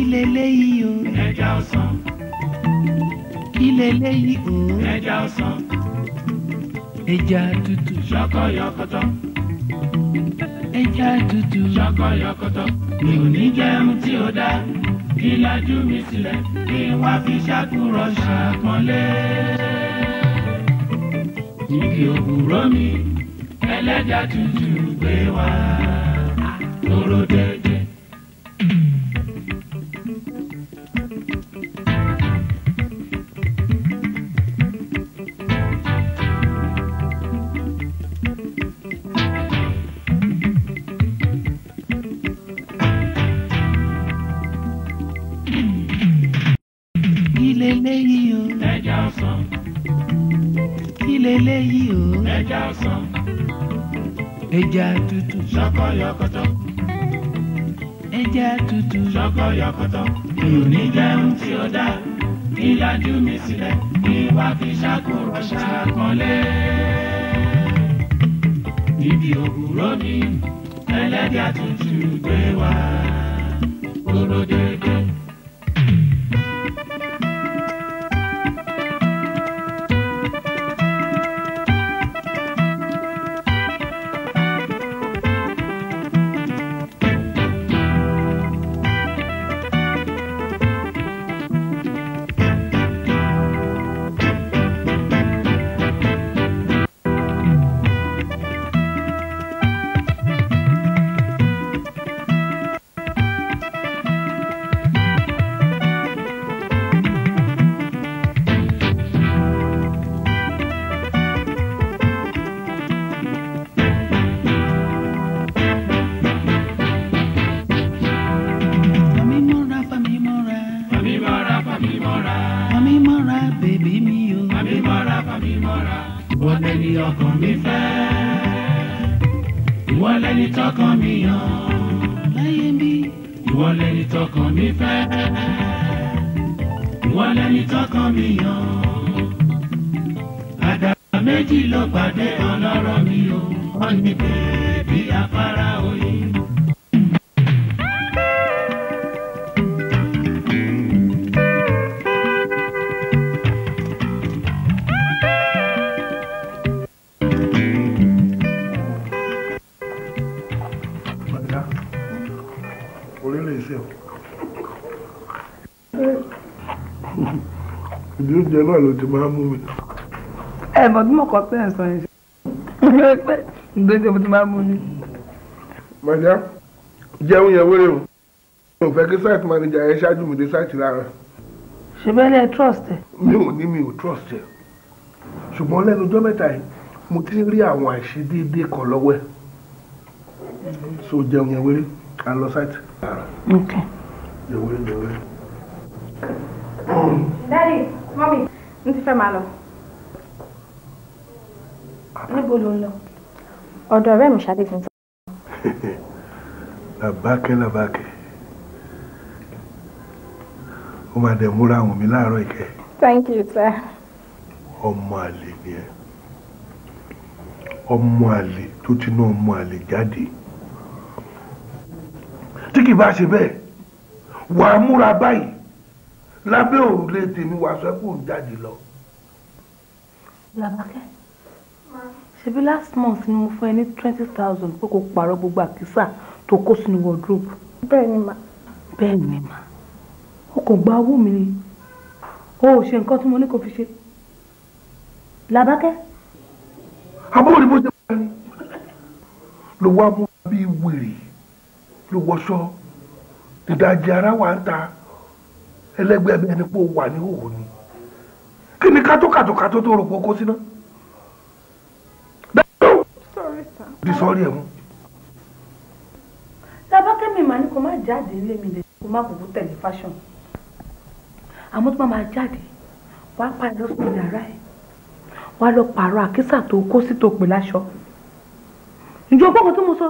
eléyìí o. ẹja ọsàn. ẹja tútù. ṣọkọ yọkọtọ. ẹja tútù. ṣọkọ yọkọtọ. mi ò ní jẹun tí ó dá kí lajú mi sílẹ̀ kí wá fi ṣàkúrọ̀ ṣàpọ́nlé. Igi òwúrọ̀ mi ẹlẹ́dàá tútù gbé wá lóróde. ló ti máa ń mú mi náà. ẹ mọ̀ tí mo kọ́ pé ẹ̀sán ẹ̀ ṣe pé ìdójú mo ti máa ń mú mi. màdá jẹun yẹn wéré o mi ò fẹ́ kí site manager yẹn ṣáájú mi dé site lára. ṣùgbọ́n ẹ trust ẹ. mi ò ní mi ò trust ẹ ṣùgbọ́n lẹ́nu ọjọ́ mẹ́ta yìí mo ti rí àwọn àìṣedéédéé kan lọ́wọ́ ẹ̀ so jẹun yẹn wéré and lọ site. ok. jẹun wéré jẹun wéré. n ti fẹ́ máa lọ. níbo ló ń lọ. ọ̀dọ̀ ọ̀rẹ́ mi ṣáde ti ń sọ. làbákẹ́ làbákẹ́ ó máa dẹ̀ múra thank you sir. ọmọ àlè ni ẹ ọmọ àlè tó ti ná ọmọ àlè jáde tí kì bá ṣe bẹ́ẹ̀ wàá múra báyìí lábẹ́ òrùlé tèmi Wàsókù ń jáde lọ. làbákẹ́ ṣebí last month ni mo fún ẹ ní twenty thousand pé kò pààrọ̀ gbogbo àkísà tó kó sínú wardrobe. bẹ́ẹ̀ ni mà. bẹ́ẹ̀ ni mà o kò gba owó mi ni o ò ṣe nǹkan tí mo ní kò fi ṣe làbákẹ́. abúlé ni mo ṣe bá ní ló wá mú bíi wèrè ló wọṣọ ìdajì ara wa ń ta ẹlẹ́gbẹ́ mi ẹni pé ó wà ní òwò ni kí ni kátókàtókàtó tó rò pé ó kó síná. di sọ́ọ́rí ẹ̀ mú. labákẹ́ mi mà ní kó má jáde ilé mi lè kó má kúkú tẹ̀lé fashion àmọ́ tó má má jáde wàá pàdé sí yàrá ẹ̀ wàá lọ pààrọ̀ àkísà tó kó sí tó pè láṣọ ìjọ gbọ́kàn tó mo sọ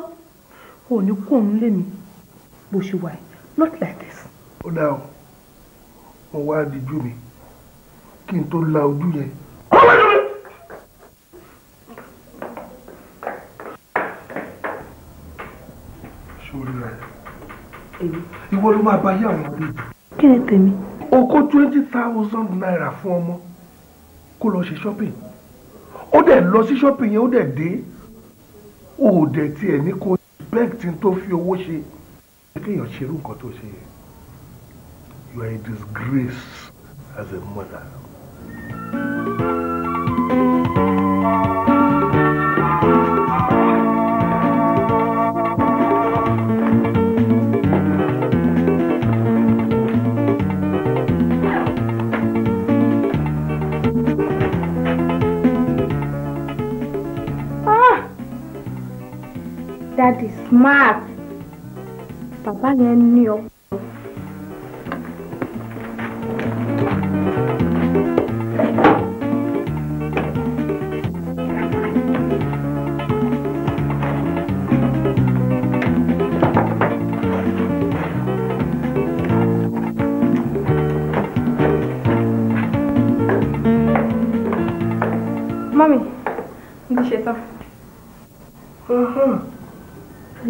ò ní kóun lé mi bó ṣe wà yìí not like this. ó dáa o wọ́n wá díjú mi kí n tó la ojú yẹn. sórí rẹ ìwọ ló máa bá yé àwọn ọmọdé yìí. kí ni tèmi. o twenty thousand naira fún ọmọ kó lọ ṣe shopping ó dẹ̀ lọ sí shopping yẹn ó dẹ̀ dé ó dẹ̀ tiẹ̀ ní kó respect tó fi owó ṣe kéèyàn ṣerú nǹkan tó ṣe yẹn. You are a disgrace as a mother. Ah! That is smart. Papa, yẹn ní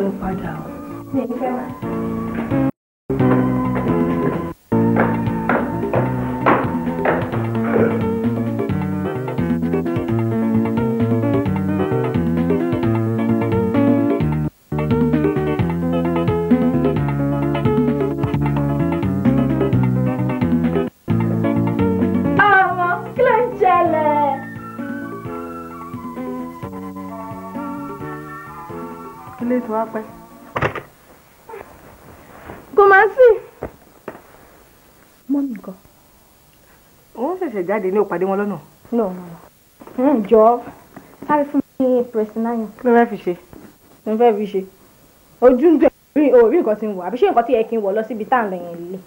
will find out. Thank you very much. jáde ní òpàdé wọn lọ́nà. no no hmm, jọ sáré fún mi ní pẹ̀sìnáyàn. kí ló fẹ́ fi ṣe. mo fẹ́ fi ṣe ojú ń dùn rí orí nǹkan tí ń wọ̀ àbí ṣé nǹkan tí yẹ kí n wọ̀ lọ síbi tá à ń lọ yẹn lé.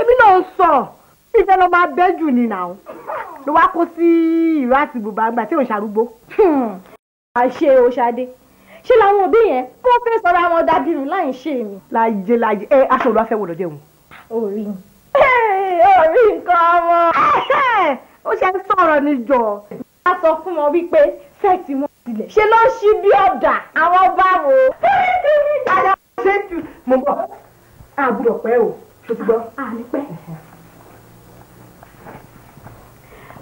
èmi náà ń sọ bí ìfẹ́ lọ́ máa bẹ́ jù ni nà ó ló wá kó sí ìró àti bùbá àgbà tí ò ń ṣàrúgbó. àṣe hmm, o ṣadé ṣé làwọn òbí yẹn kó fẹ́ sọ̀rọ̀ àwọn dàbí láì ṣe mi. láyé láyé ẹ aṣọ olúwa fẹ́ wọ̀ lọ́jọ́ ìwọ̀n. orí orí nǹkan ọmọ ó ṣe ń sọ̀rọ̀ níjọ a sọ fún wọn wípé sẹ́ẹ̀tì wọn tilẹ̀ ṣe ló ṣí bí ọ̀dà àwọn báwo. ṣé tù mo bọ̀ àbúrò pẹ́ o ṣùgbọ́n. àní pẹ́.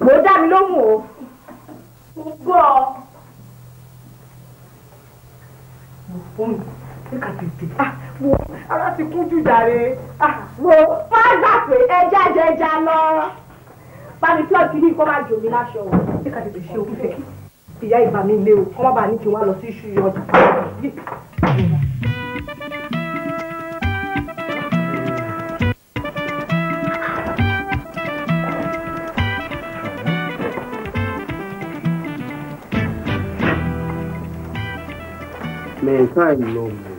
mo dá mi lóhùn o. mo gbọ́ ọ. mo fún mi ká tètè. wo ah, ara ti kún jù jàre. wo ah, má gbà pé ẹja jẹja lọ. bámi tí ọtí ní kó má jò mí láṣọ o. ṣé ká tètè ṣe òkú fẹ́ ìyá ìbá mi lé o kọ́ má bàa ní kí n wá lọ sí iṣu ọjà. mẹ́ta ìlọ́mù.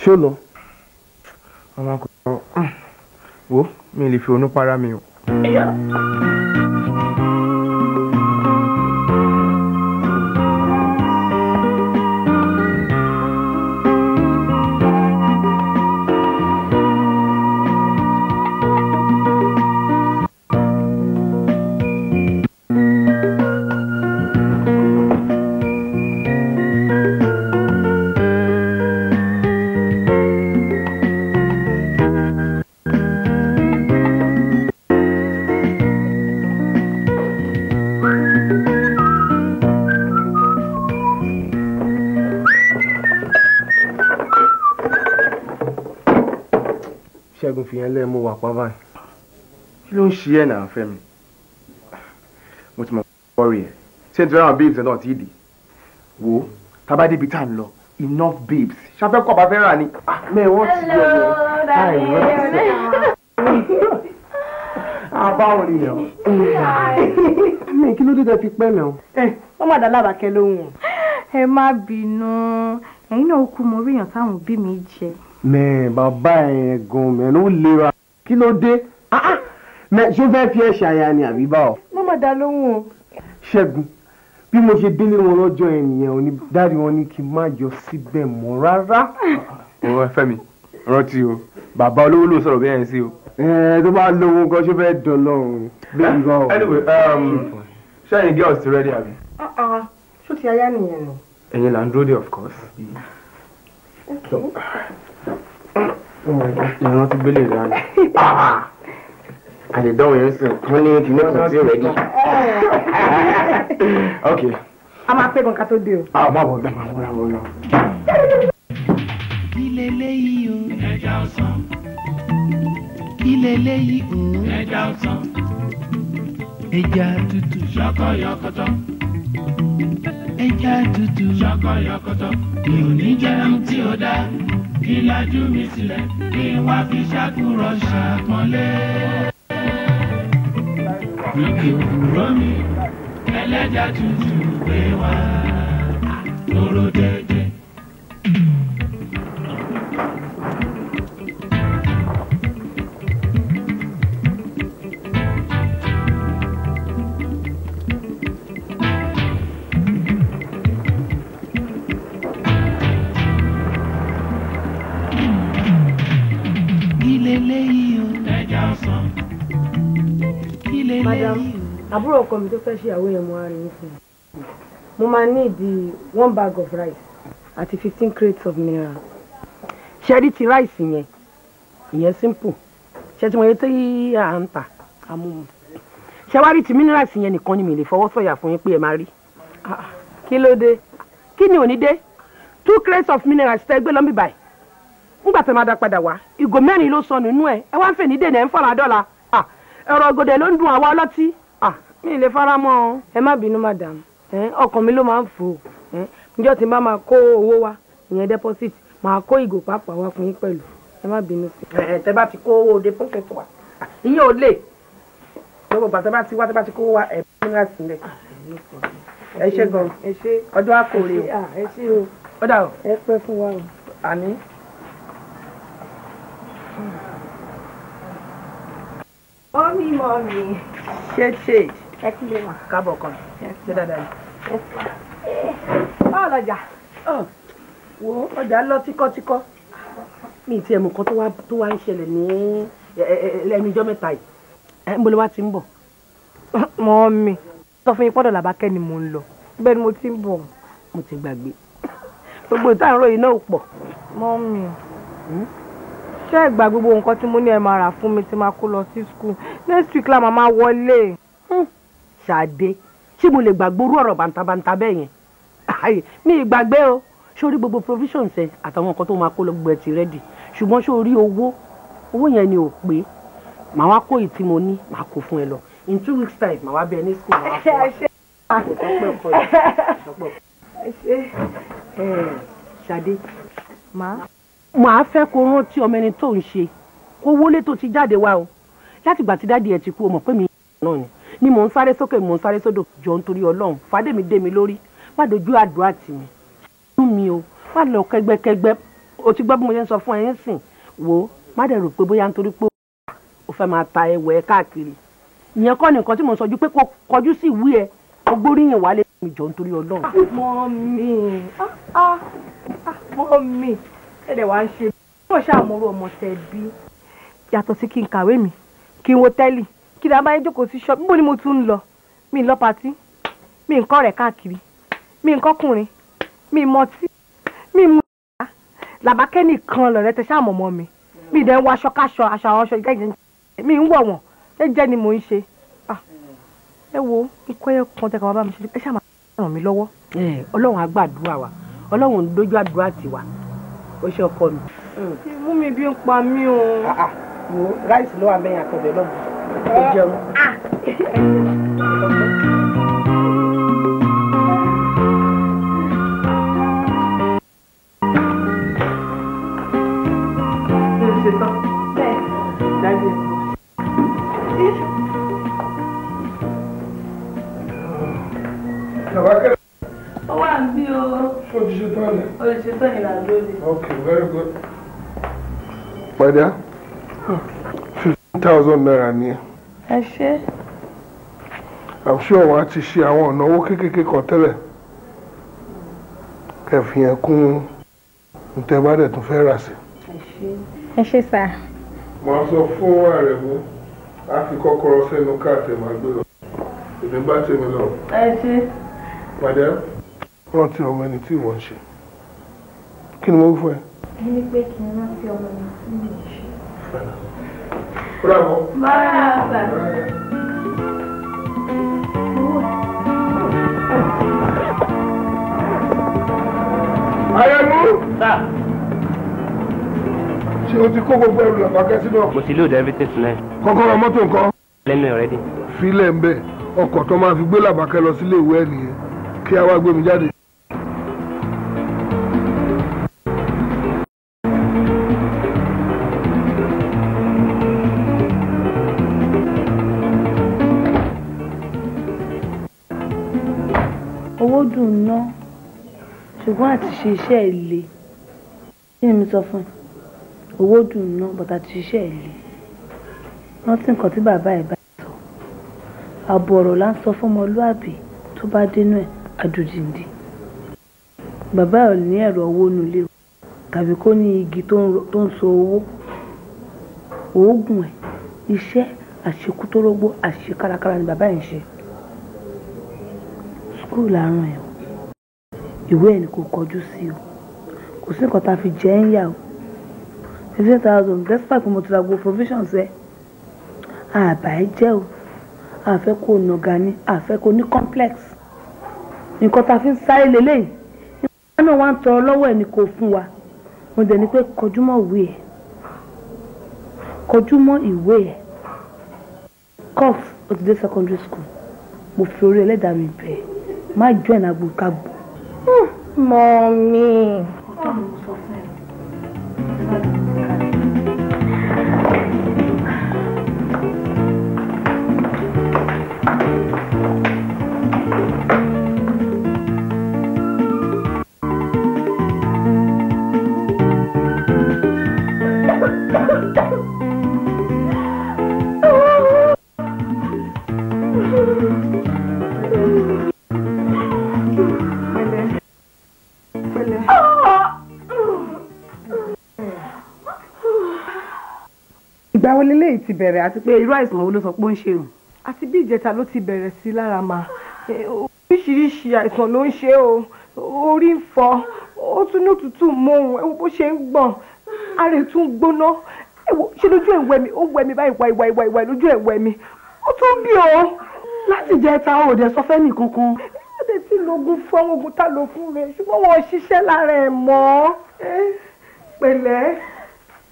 ṣé ó lọ. ọmọkùnrin wo mi lè fi ònú para mi o. ìyẹn lẹ́ mo wà pa báyìí. kí ló ń ṣe ẹ̀ náà fẹ́ mi mo ti mọ̀ wọ́ọ̀rì ẹ̀ ṣé nítorí àwọn babes náà ti dì wò ó tábà débi tá à ń lọ enough babes ṣáfẹ́ kọ́ bá fẹ́ rà ni ah, mẹ́wọ́n ti yẹ ẹ̀ láì rẹ́sẹ̀. àbáwọn mi kí ló dé fi pẹ́ mi o. Eh, wọ́n má dá lóhùn. ẹ má bínú ẹ̀yin náà kú mo rí èèyàn táwọn òbí mi jẹ mẹ bàbá ẹ gan mẹ ló lera kí ló dé ah, ah. mẹ ṣé fẹ́ fi ẹ ṣàyà ni àbí bá ọ. má má dá lóhùn o. ṣẹ́gun bí mo ṣe délé wọn lọ́jọ́ ẹ nìyẹn òní dárí wọn ní kí n má yọ síbẹ̀ mọ́ rárá. ọ̀rọ̀ fẹ́mi rántí o bàbá olówó ló sọ̀rọ̀ bẹ́ẹ̀ sí o. ẹ tó bá lówó nǹkan um, ṣé fẹ́ẹ́ dán lọ́rùn bẹ́ẹ̀ gan. anyway ṣẹ́yìn girls ti ready àbí. Ah, ṣó ti aya nìyẹn nù. ẹ̀yin là ń dúró dé of course. Okay. So, ìran ti gbélé ìlànà àdìdánwò yẹn sìn fún ní ti next sí rẹ́dí. ok. a máa pẹ́ gan ká tó dé o. a máa bọ̀ dá máa múra wọn lọ. kí leléyìí o. ẹja ọsàn. kí leléyìí o. ẹja ọsàn. ẹja tútù. ṣọkọ yọkọtọ ẹja tútù. ṣọkọ yọkọtọ mi ò ní jẹun tí ó dá kí lajú mi sílẹ̀ kí n wá fi ṣàkúrọ̀ ṣàpọ́nlé. lókè òwúrọ̀ mi ẹlẹ́ja tútù gbé wá lóró dédé. madam àbúrò ọkọ mi tó fẹ́ ṣèyàwó yẹn mo arìn yín fún mi. mo máa ní ìdí one bag of rice àti fifteen crates of mineral. ṣẹ́rí ti ráìsì yẹn ìyẹn simple ṣẹ́tí mo yẹ tí à ń tà amúmu. ṣẹ́wárí ti mineral yẹn nìkan ni mi lè fọwọ́ sọ̀yà fún yín pé ẹ máa rí. Ah, kí ló dé kí ni ò ní dé two crates of mineral ṣe tẹ́ gbé lọ́mí báyìí nígbà tó máa dá padà wá ìgò mẹ́rin ló sọnù inú ẹ̀ ẹ wá ń fè ní dènà ẹ̀ ń fọ̀rọ̀ àdọ́la ẹ̀rọ ògòdè ló ń dun àwa ọlọ́tí mi lè fara mọ́ ọ. ẹ má bínú madam ọkàn mi ló máa ń fò ó níjọ́ tí n bá máa kó owó wa ìyẹn deposit máa kó ìgò pàápàá wa fún yín pẹ̀lú ẹ má bínú sí. ẹ tẹ bá ti kó owó òde fún kẹfọ wa ìyẹn ò lè gbogbo ìgbà tẹ bá ti wá tẹ bá ti kó owó wa ẹ bí wọn sílẹ̀ ẹ ṣe gan ọdún akóore o ó dà o ẹ pẹ́ fún wa o àní. Mọ́mí mọ́mí. Shade shade. Ẹ kú lè mà. Káàbọ̀ kan. Ṣé dáadáa ni? Báwo lọjà? Wo ọjà lọ tíkọ́tíkọ́. Mi ì tiẹ̀ mọ̀ kan tó wá ń ṣẹlẹ̀ ní ẹnijọ́ mẹ́ta yìí. Ẹ ń bolo wá ti ń bọ̀. Mọ́mí sọ fún yín pọ́dọ̀ làbákẹ́ ni mò ń lọ. Bẹ́ẹ̀ ni mo ti ń bọ̀. Mo ti gbàgbé. Gbogbo ìtàn àárọ̀ yìí náà pọ̀. Mọ́mí ṣé ẹ gba gbogbo nǹkan tí mo ní ẹ máa rà fún mi tí máa kó lọ sí school next week la máa máa wọlé. ṣàdé ṣé mo lè gbàgbé orú ọ̀rọ̀ bàǹtàbàǹtà bẹ́ẹ̀ yẹn mi ì gbàgbé o sórí gbogbo provisions ẹ àtàwọn nǹkan tó máa kó lọ gbogbo ẹ ti rẹ́dì ṣùgbọ́n sórí owó owó yẹn ni ò pé màá wá kó ìtí mo ní màá kó fún ẹ lọ in two weeks time màá wá bẹ ẹ ní school màá fún wa kò tọ́pẹ́ ọkọ yìí ṣàdé. ma màá fẹ́ kó rántí ọmọ ẹni tó ń ṣe kó wọlé tó ti jáde wá o láti ìgbà tí dáàdi ẹ̀ ti kú o mọ̀ pé mi náà ni ni mò ń sáré sókè mò ń sáré sódò jọ nítorí ọlọ́run fàdémi dé mi lórí má dojú àdúrà tì mí inú mi o má lọ kẹgbẹkẹgbẹ o ti gbọ́ bí mo ṣe ń sọ fún ẹ sìn wò má dẹ̀ rò pé bóyá nítorí pé o fẹ́ máa ta ẹwẹ́ káàkiri ìyẹn kọ́ nìkan tí mo sọ ju pé kó kọjú sí ìwé ẹ kó gbóríyìn wálé mi jọ nítorí ọlọ́run. mọ́ mi mọ́ mi ẹ̀dẹ̀ wá ń ṣe bí wọ́n ṣàmúrò ọmọ tẹ̀ bí. yàtọ̀ sí kí n kàwé mi kí n wo tẹ́lì kí ni abáyé jókòó sí ṣọ́ọ̀bù níbo ni mo tún ń lọ mi ń lọ patí mi ń kọ́ rẹ̀ káàkiri mi ń kọ́kùnrin mi ń mọtí mi ń mú ìyá làbákẹ́ nìkan lọ̀rẹ́ tẹ ṣáà mọ̀mọ́ mi mi dẹ̀ ń wọ aṣọ káṣọ aṣọ àwọn aṣọ ìgbẹ́jẹ mi ń wọ̀ wọ̀n ẹ jẹ́ ni mò ń ṣe ẹ wo ikú kan tẹ kàn bá mi ṣe ẹ ṣáà máa ràn lọ́wọ́ ọlọ́run á gbàdúrà wa ọlọ́run dójú àdúrà tiwa o ṣe ọkọ mi. imú mm. mi bí ń pa mí o. Ah, ah. wo ráìsì ló wà mẹ́yìn àtọ̀dẹ̀ lọ́gbọ̀n. ó eh. jẹun. Ah. Ó wà ń bí o. Ó ti ṣe tán ni. Ó ti ṣe tán ni Okay, very good. Padà. Ah, Fifteen thousand naira ni. Ẹ ṣé. I'm sure wọ́n á ti ṣe àwọn ọ̀nàwó kéékèèké kan tẹ́lẹ̀. Kẹ̀fì yẹn kún ntẹ bá dẹ̀ tún fẹ́ rà sí. Ẹ ṣé sà. Mo á sọ fún Àrẹ̀mú, á fi kọ́kọ́rọ́ sẹ́nu káàtẹ̀ máa gbé lọ. Èmi bá tèmi lọ. Ẹ ṣé. Padà rántí ọmọ ẹni tí ìwọ ń ṣe kí ni mo wí fún ẹ. mo ní pé kí n rántí ọmọ ẹni tí mo ń ṣe. bravo. bravo. ayẹmú. ṣé o ti kó gbogbo ẹrù làbàkẹ́ sínú ọkọ̀. mo ti lóòdù everything sílẹ̀. kọ́kọ́rọ́ mọ́tò nǹkan. lẹ́nu ọ̀rẹ́dì. filẹ̀ ń bẹ̀ ọkọ̀ tó máa fi gbé làbàkẹ́ lọ sílé ìwé ẹ̀ nìyẹn kí a wá gbé mi jáde. dùn ná ṣùgbọ́n àti ṣe iṣẹ́ ẹ̀ le kí ni mi sọ fún ẹ owó dùn ná bọ́tà àti ṣiṣẹ́ ẹ̀ le rántí nǹkan tí bàbá ẹ̀ bá sọ ààbò ọ̀rọ̀ là ń sọ fọmọlúàbí tó bá dénú ẹ̀ àdùjìǹdì bàbá ẹ̀ ò ní ẹ̀rọ owó nulẹ̀ o tàbí kó ní igi tó ń so owó oògùn ẹ̀ iṣẹ́ àṣekútórógbó àṣekárakára ni bàbá ẹ̀ ń ṣe skul àrùn ẹ̀ o ìwé ẹ̀ ni kò kọjú sí o kò sí nǹkan tá a fi jẹ́ ń yà o fifteen thousand despite mo ti ra gbogbo provisions ẹ àbá ẹ jẹ́ o àfẹ́ kó nàga ni àfẹ́ kó ní complex nǹkan tá a fi ń sáré lélẹ́yìn nígbà náà wá ń tọrọ lọ́wọ́ ẹ̀ ni kò fún wa mo dẹ̀ ni pé kọjú mọ́ ìwé ẹ̀ kọjú mọ́ ìwé ẹ̀ cof òtítẹ́ secondary school mo fi orí ẹlẹ́dàá mi bẹ̀ má join àgbòkagbò 妈咪。嗯 ìgbà wo leléyìí ti bẹ̀rẹ̀ àti pé irú àìsàn wo ló sọ pé ó ń ṣe o. àti bí ìjẹta ló ti bẹ̀rẹ̀ sí lára mà oríṣiríṣi àìsàn ló ń ṣe o orí ń fọ ó tún ní òtútù mọ́hùn ẹ wo bó ṣe ń gbọ̀n ara ẹ̀ tún gbóná ẹ wo ṣe lójú ẹ̀ ń wẹ mi ó wẹ mi báyìí wáyìí wáyìí wáyìí lójú ẹ̀ wẹ mi ó tún bí o láti jẹta ò dẹ̀ sọ fẹ́ni kankan ṣe tí lóògùn fún àwọn oògùn tá lò fún rẹ ṣùgbọ́n wọn ò ṣiṣẹ́ lára ẹ̀ mọ́ pẹ̀lẹ́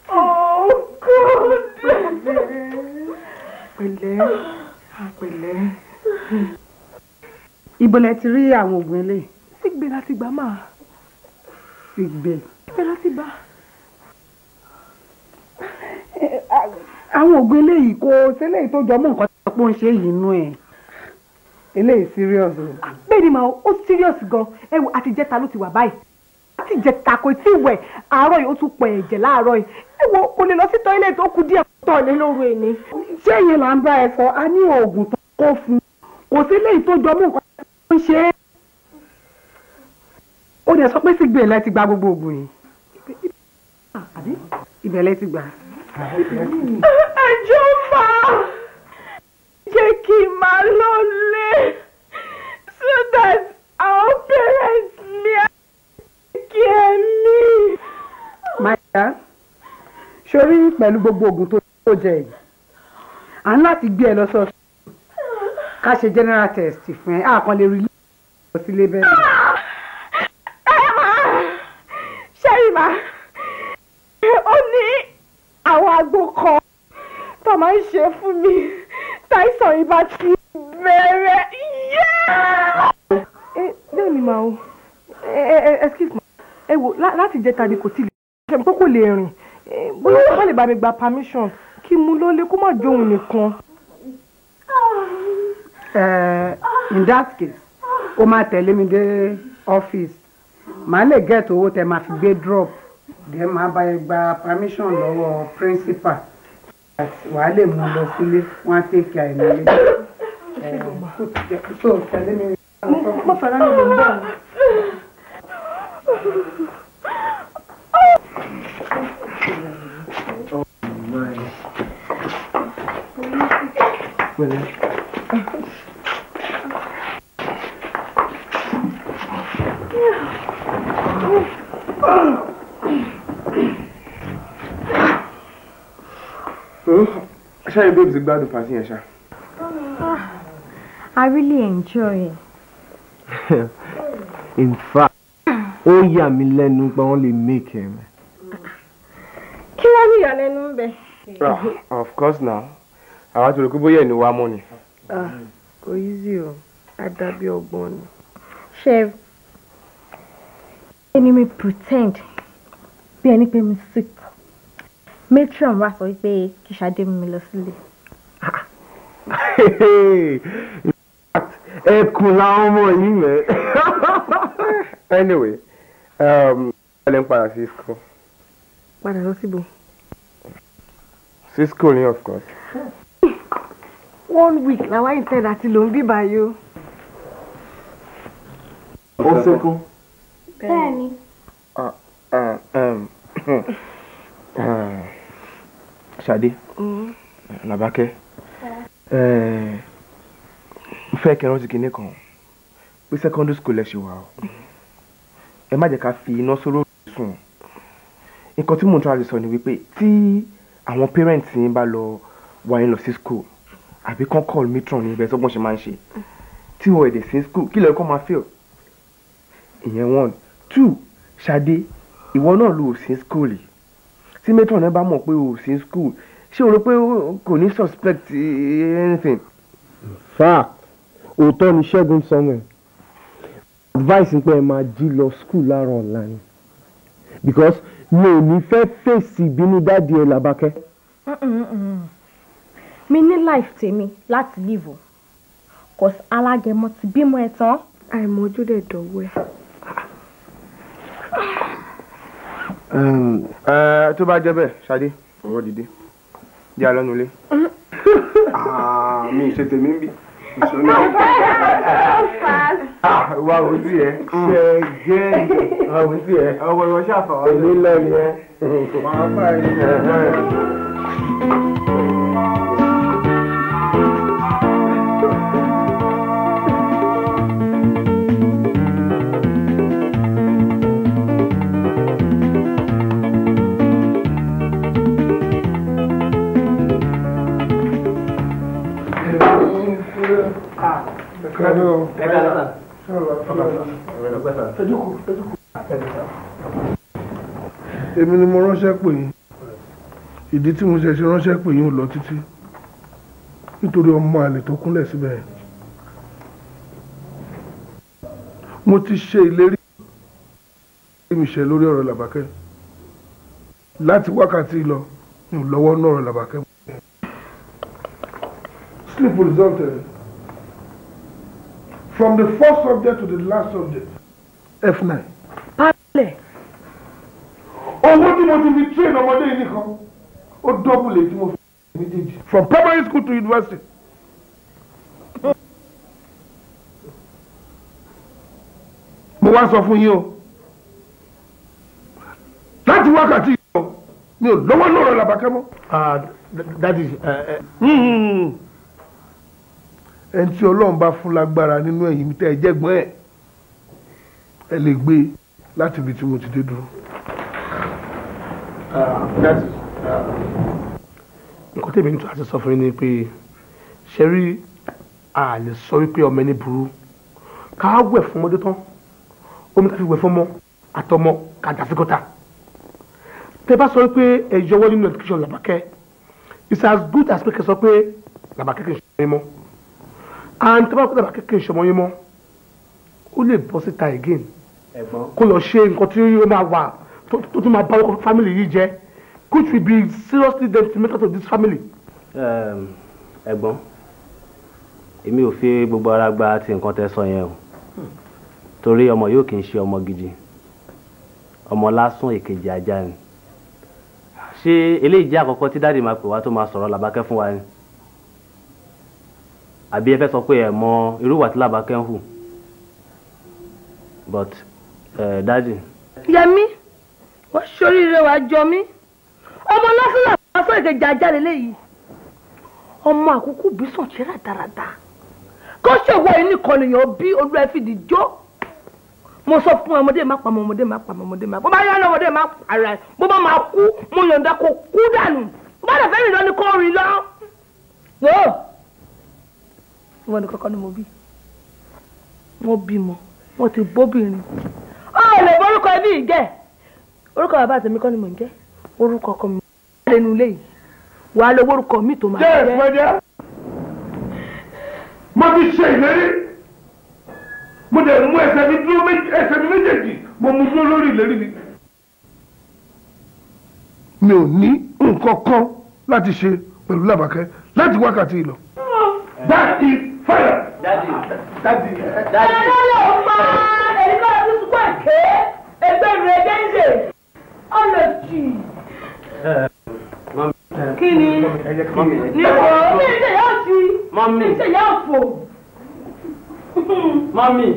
pẹ̀lẹ́ ah, pẹ̀lẹ́ ìbọ̀lẹ̀ ti rí àwọn oògùn eléyìí. sígbe láti gbà máa. sígbe. sígbe láti bá. àwọn oògùn eléyìí kò ṣẹlẹ̀ tó jọ mọ́ nǹkan tó pọ̀ ń ṣe yìí nú ẹ̀ eléyìí serious o. bẹ́ẹ̀ ni màá ó serious gan ẹ wo àtijẹ́ta ló ti wà báyìí àtijẹ́ta kò tí ì wẹ̀ àárọ̀ yìí ó tún pọ̀ ẹ̀jẹ̀ láàárọ̀ yìí ẹ wo kò lè lọ sí tọ́ílẹ̀ tó kù díẹ̀ tọ̀ lé lóru èmi. ṣé ìyẹn là ń bá ẹ sọ a ní oògùn tó kó fún un kò sí léyìí tó jọmọ́ nǹkan tó ń ṣe é. ó dẹ̀ sọ pé sígbè lẹ ti gba gbogbo oògùn yìí. ibẹ̀ lẹ ti gbà. ẹjọ́ fà á jẹ́ kí n máa lọ lé so that our parents may take care of me. my dear sórí pẹ̀lú gbogbo oògùn tó jẹ yìí à ń láti gbé ẹ lọ sọ ká ṣe general test fún ẹ àkàn lè rí lọ sílé bẹ́ẹ̀. sẹ́yìn máa ó ní àwọn àgbo kan tó máa ń ṣe fún mi táìsàn ibà ti bẹ̀rẹ̀ yẹ́. bẹ́ẹ̀ ni màá o excuse me ẹ wo láti jẹ́ tàbí kò tí ì lè ṣe kókó lè rìn bóyá wọ́n lè bá mi gba permission kí mú lólé kó má jóun nìkan. in that case ó máa tẹ̀lé mi dé ọ́fíìsì màá lè gẹ̀ẹ́tì owó tẹ máa fi gbé drop dẹ̀ máa bá gba permission lọ́wọ́ principal wàá lè mú lọ sílé wọ́n á tẹ̀ kí àìmọye. mo fara mi ń bọ̀. pẹ̀lẹ́. ṣáà ní babes gbádùn pàtí yẹn ṣá. I really enjoy it. In fact, ó yà mí lẹ́nu pé wọ́n make him. Kí wọ́n ní ìyàlẹ́nu ah, Of course now àwa tó rò pé bóyá ẹni wa mọ́ ni. Ah, kò yí sí o adábí ọgbọ́n ni. chef ẹni mi pretend bí ẹni pé mi sick matron wá sọ wípé kí Ṣadé mú mi lọ sílé. Ah. ẹkùn làwọn ọmọ yìí mẹ anyway ẹlẹ́n um, padà sí school. padà lọ síbo. sí school ni of course one week làwọn intend àti lòún bí báyìí o. ó sunkún. bẹ́ẹ̀ni. Ah, ah, um, Ṣadé mm-hmm. Làbákẹ́ eh, fẹ́ kẹ́ rántí kinní kan pé secondary school ẹ̀ ṣe wà o ẹ má jẹ́ ká fi iná sóró sùn nǹkan tí mò ń tọ́ àti sọ ni wípé tí àwọn parents yín bá lọ wá yín lọ sí school àbí kán call matron ní ibẹ̀ sọ́gbọ́n ṣe máa ń ṣe tí wọ́n èdè sí school kí lóò kọ́ máa fail ìyẹn one two ṣadé ìwọ náà ló sí school yìí tí matron náà bá mọ̀ pé o school ṣé o rò pé kò ní suspect eh, anything. fact òótọ́ ni ṣẹ́gun samuel advice ń pẹ́ ẹ máa jí lọ school láàárọ̀ ọ̀la ni because mi ò ní fẹ́ fèsì ìbínú dáàdi ẹ̀ làbákẹ́ mi ní life tèmi láti live o cause alágẹmọ ti bímọ ẹ tán. àìmọ̀jú dẹ̀ dọ̀wọ́ ẹ. tó bá jẹ́ bẹ́ẹ̀ ṣadé ọ̀rọ̀ dìde jẹ alọnu ilé. mi ṣe tèmi ń bí. Wa ojú yẹ. Ṣé gẹ́ẹ̀lì? Wa ojú yẹ. Ọwọ́ ìwọ ṣáà fà wá. Èmi lọ ni ẹ. Màá fà ẹ́. èmi ni mo ránṣẹ́ pè yín ìdí tí mo ṣe ṣe ránṣẹ́ pè yín ò lọ títí nítorí ọmọ àlè tó kúnlẹ̀ síbẹ̀ yẹn mo ti ṣe ìlérí mi ṣe lórí ọ̀rọ̀ làbákẹ́ láti wákàtí lọ mi ò lọ́wọ́ náà ọ̀rọ̀ làbákẹ́ sleep resulted from the first subject to the last subject f9. pálẹ̀. owó tí mo ti fi train ọmọdé yìí nìkan ó dọ́bùlẹ̀ tí mo fi méjèèjì from primary school to university. mo wá sọ fún yín o láti wákàtí yìí mi ò lọ́wọ́ lọ́rọ̀ làbàkẹ́ mọ́. dadi. Ah, ẹni tí ọlọ́run bá fún lágbára nínú ẹ̀yìn tẹ́ ẹ jẹ́gbọ́n ẹ̀ ẹ lè gbé láti ibi tí mo ti dé dúró. Ah, ah. nǹkan tẹ̀mí nítorí àti sọ fún yín ni pé ṣe rí a lè sọ wípé ọmọ ẹni burú ká wẹ̀ fún ọmọdé tán omi káfí wẹ̀ fún ọmọ àtọmọ kàdà tẹ bá sọ wípé ẹ yọwọ́ nínú education làbàkẹ́ it's as good as pé kẹ sọ pé làbàkẹ́ kì í ṣe ọmọ mọ́ and tó bá kó dàbà kékeré ṣọmọ yín mọ́ ó lè bọ́ síta again kó lọ ṣe nǹkan tí ó máa wà tó tún máa bá ọkọ family yìí jẹ́ which will be seriously detrimental to this family. ẹ̀gbọ́n èmi ò fi gbogbo ara gba ti nǹkan tẹ́ sọ yẹn o torí ọmọ yóò kì í ṣe ọmọ gidi ọmọ lásán èkejì ajá ni ṣé eléyìí jẹ́ àkọ́kọ́ tí dáàdì máa pè wá tó máa sọ̀rọ̀ làbákẹ́ fún wa ni àbí ẹ fẹ́ sọ pé ẹ mọ irú ìwà tí Làbákẹ́ ń hù but ẹ dáàdì. Yẹmí wọ́n ṣoríire wàá jọ mí ọmọ lásán làwọn afọ èkejì ajáde léyìí ọmọ àkókò bí sàn ṣe rádaràda kó ṣèwọ ẹni kan nìyẹn bí olú ẹ fìdí jó mo sọ fún ọmọdé má pa ọmọdé má pa ọmọdé má pa bó bá yá ọmọdé má ara ẹ bó bá máa kú mo yọ̀ǹda kó kú dànù bó bá dẹ̀ fẹ́ rìn lọ ni kò rìn lọ ìwọ nìkan kọ́ ni mo bí wọ́n bímọ wọ́n ti bóbìnrin ó lè borúkọ ní ìgẹ́ orúkọ bàbá àtẹ̀mí kọ́ ni mò ń jẹ́ orúkọ ọkọ mi lẹ́nu ilé yìí wàá lọ orúkọ mi tó máa jẹ́. mo ti ṣe ìlérí mo dẹ̀ mú ẹsẹ̀ mi dúró ẹsẹ̀ mi méjèèjì mo mú dúró lórí ìlérí mi. mi ò ní nǹkan kan láti ṣe pẹ̀lú làbàkẹ́ láti wákàtí ìlọ. that is fire. dadi dadi dadi. ẹ lọ́lẹ̀ ò pa èyí náà ti sùkú èké ẹgbẹ́ rẹ̀ gẹ́gẹ́ ọlọ́jì. kí ni nípo ní ìṣe yóò fi ní ìṣe yóò fò. mami.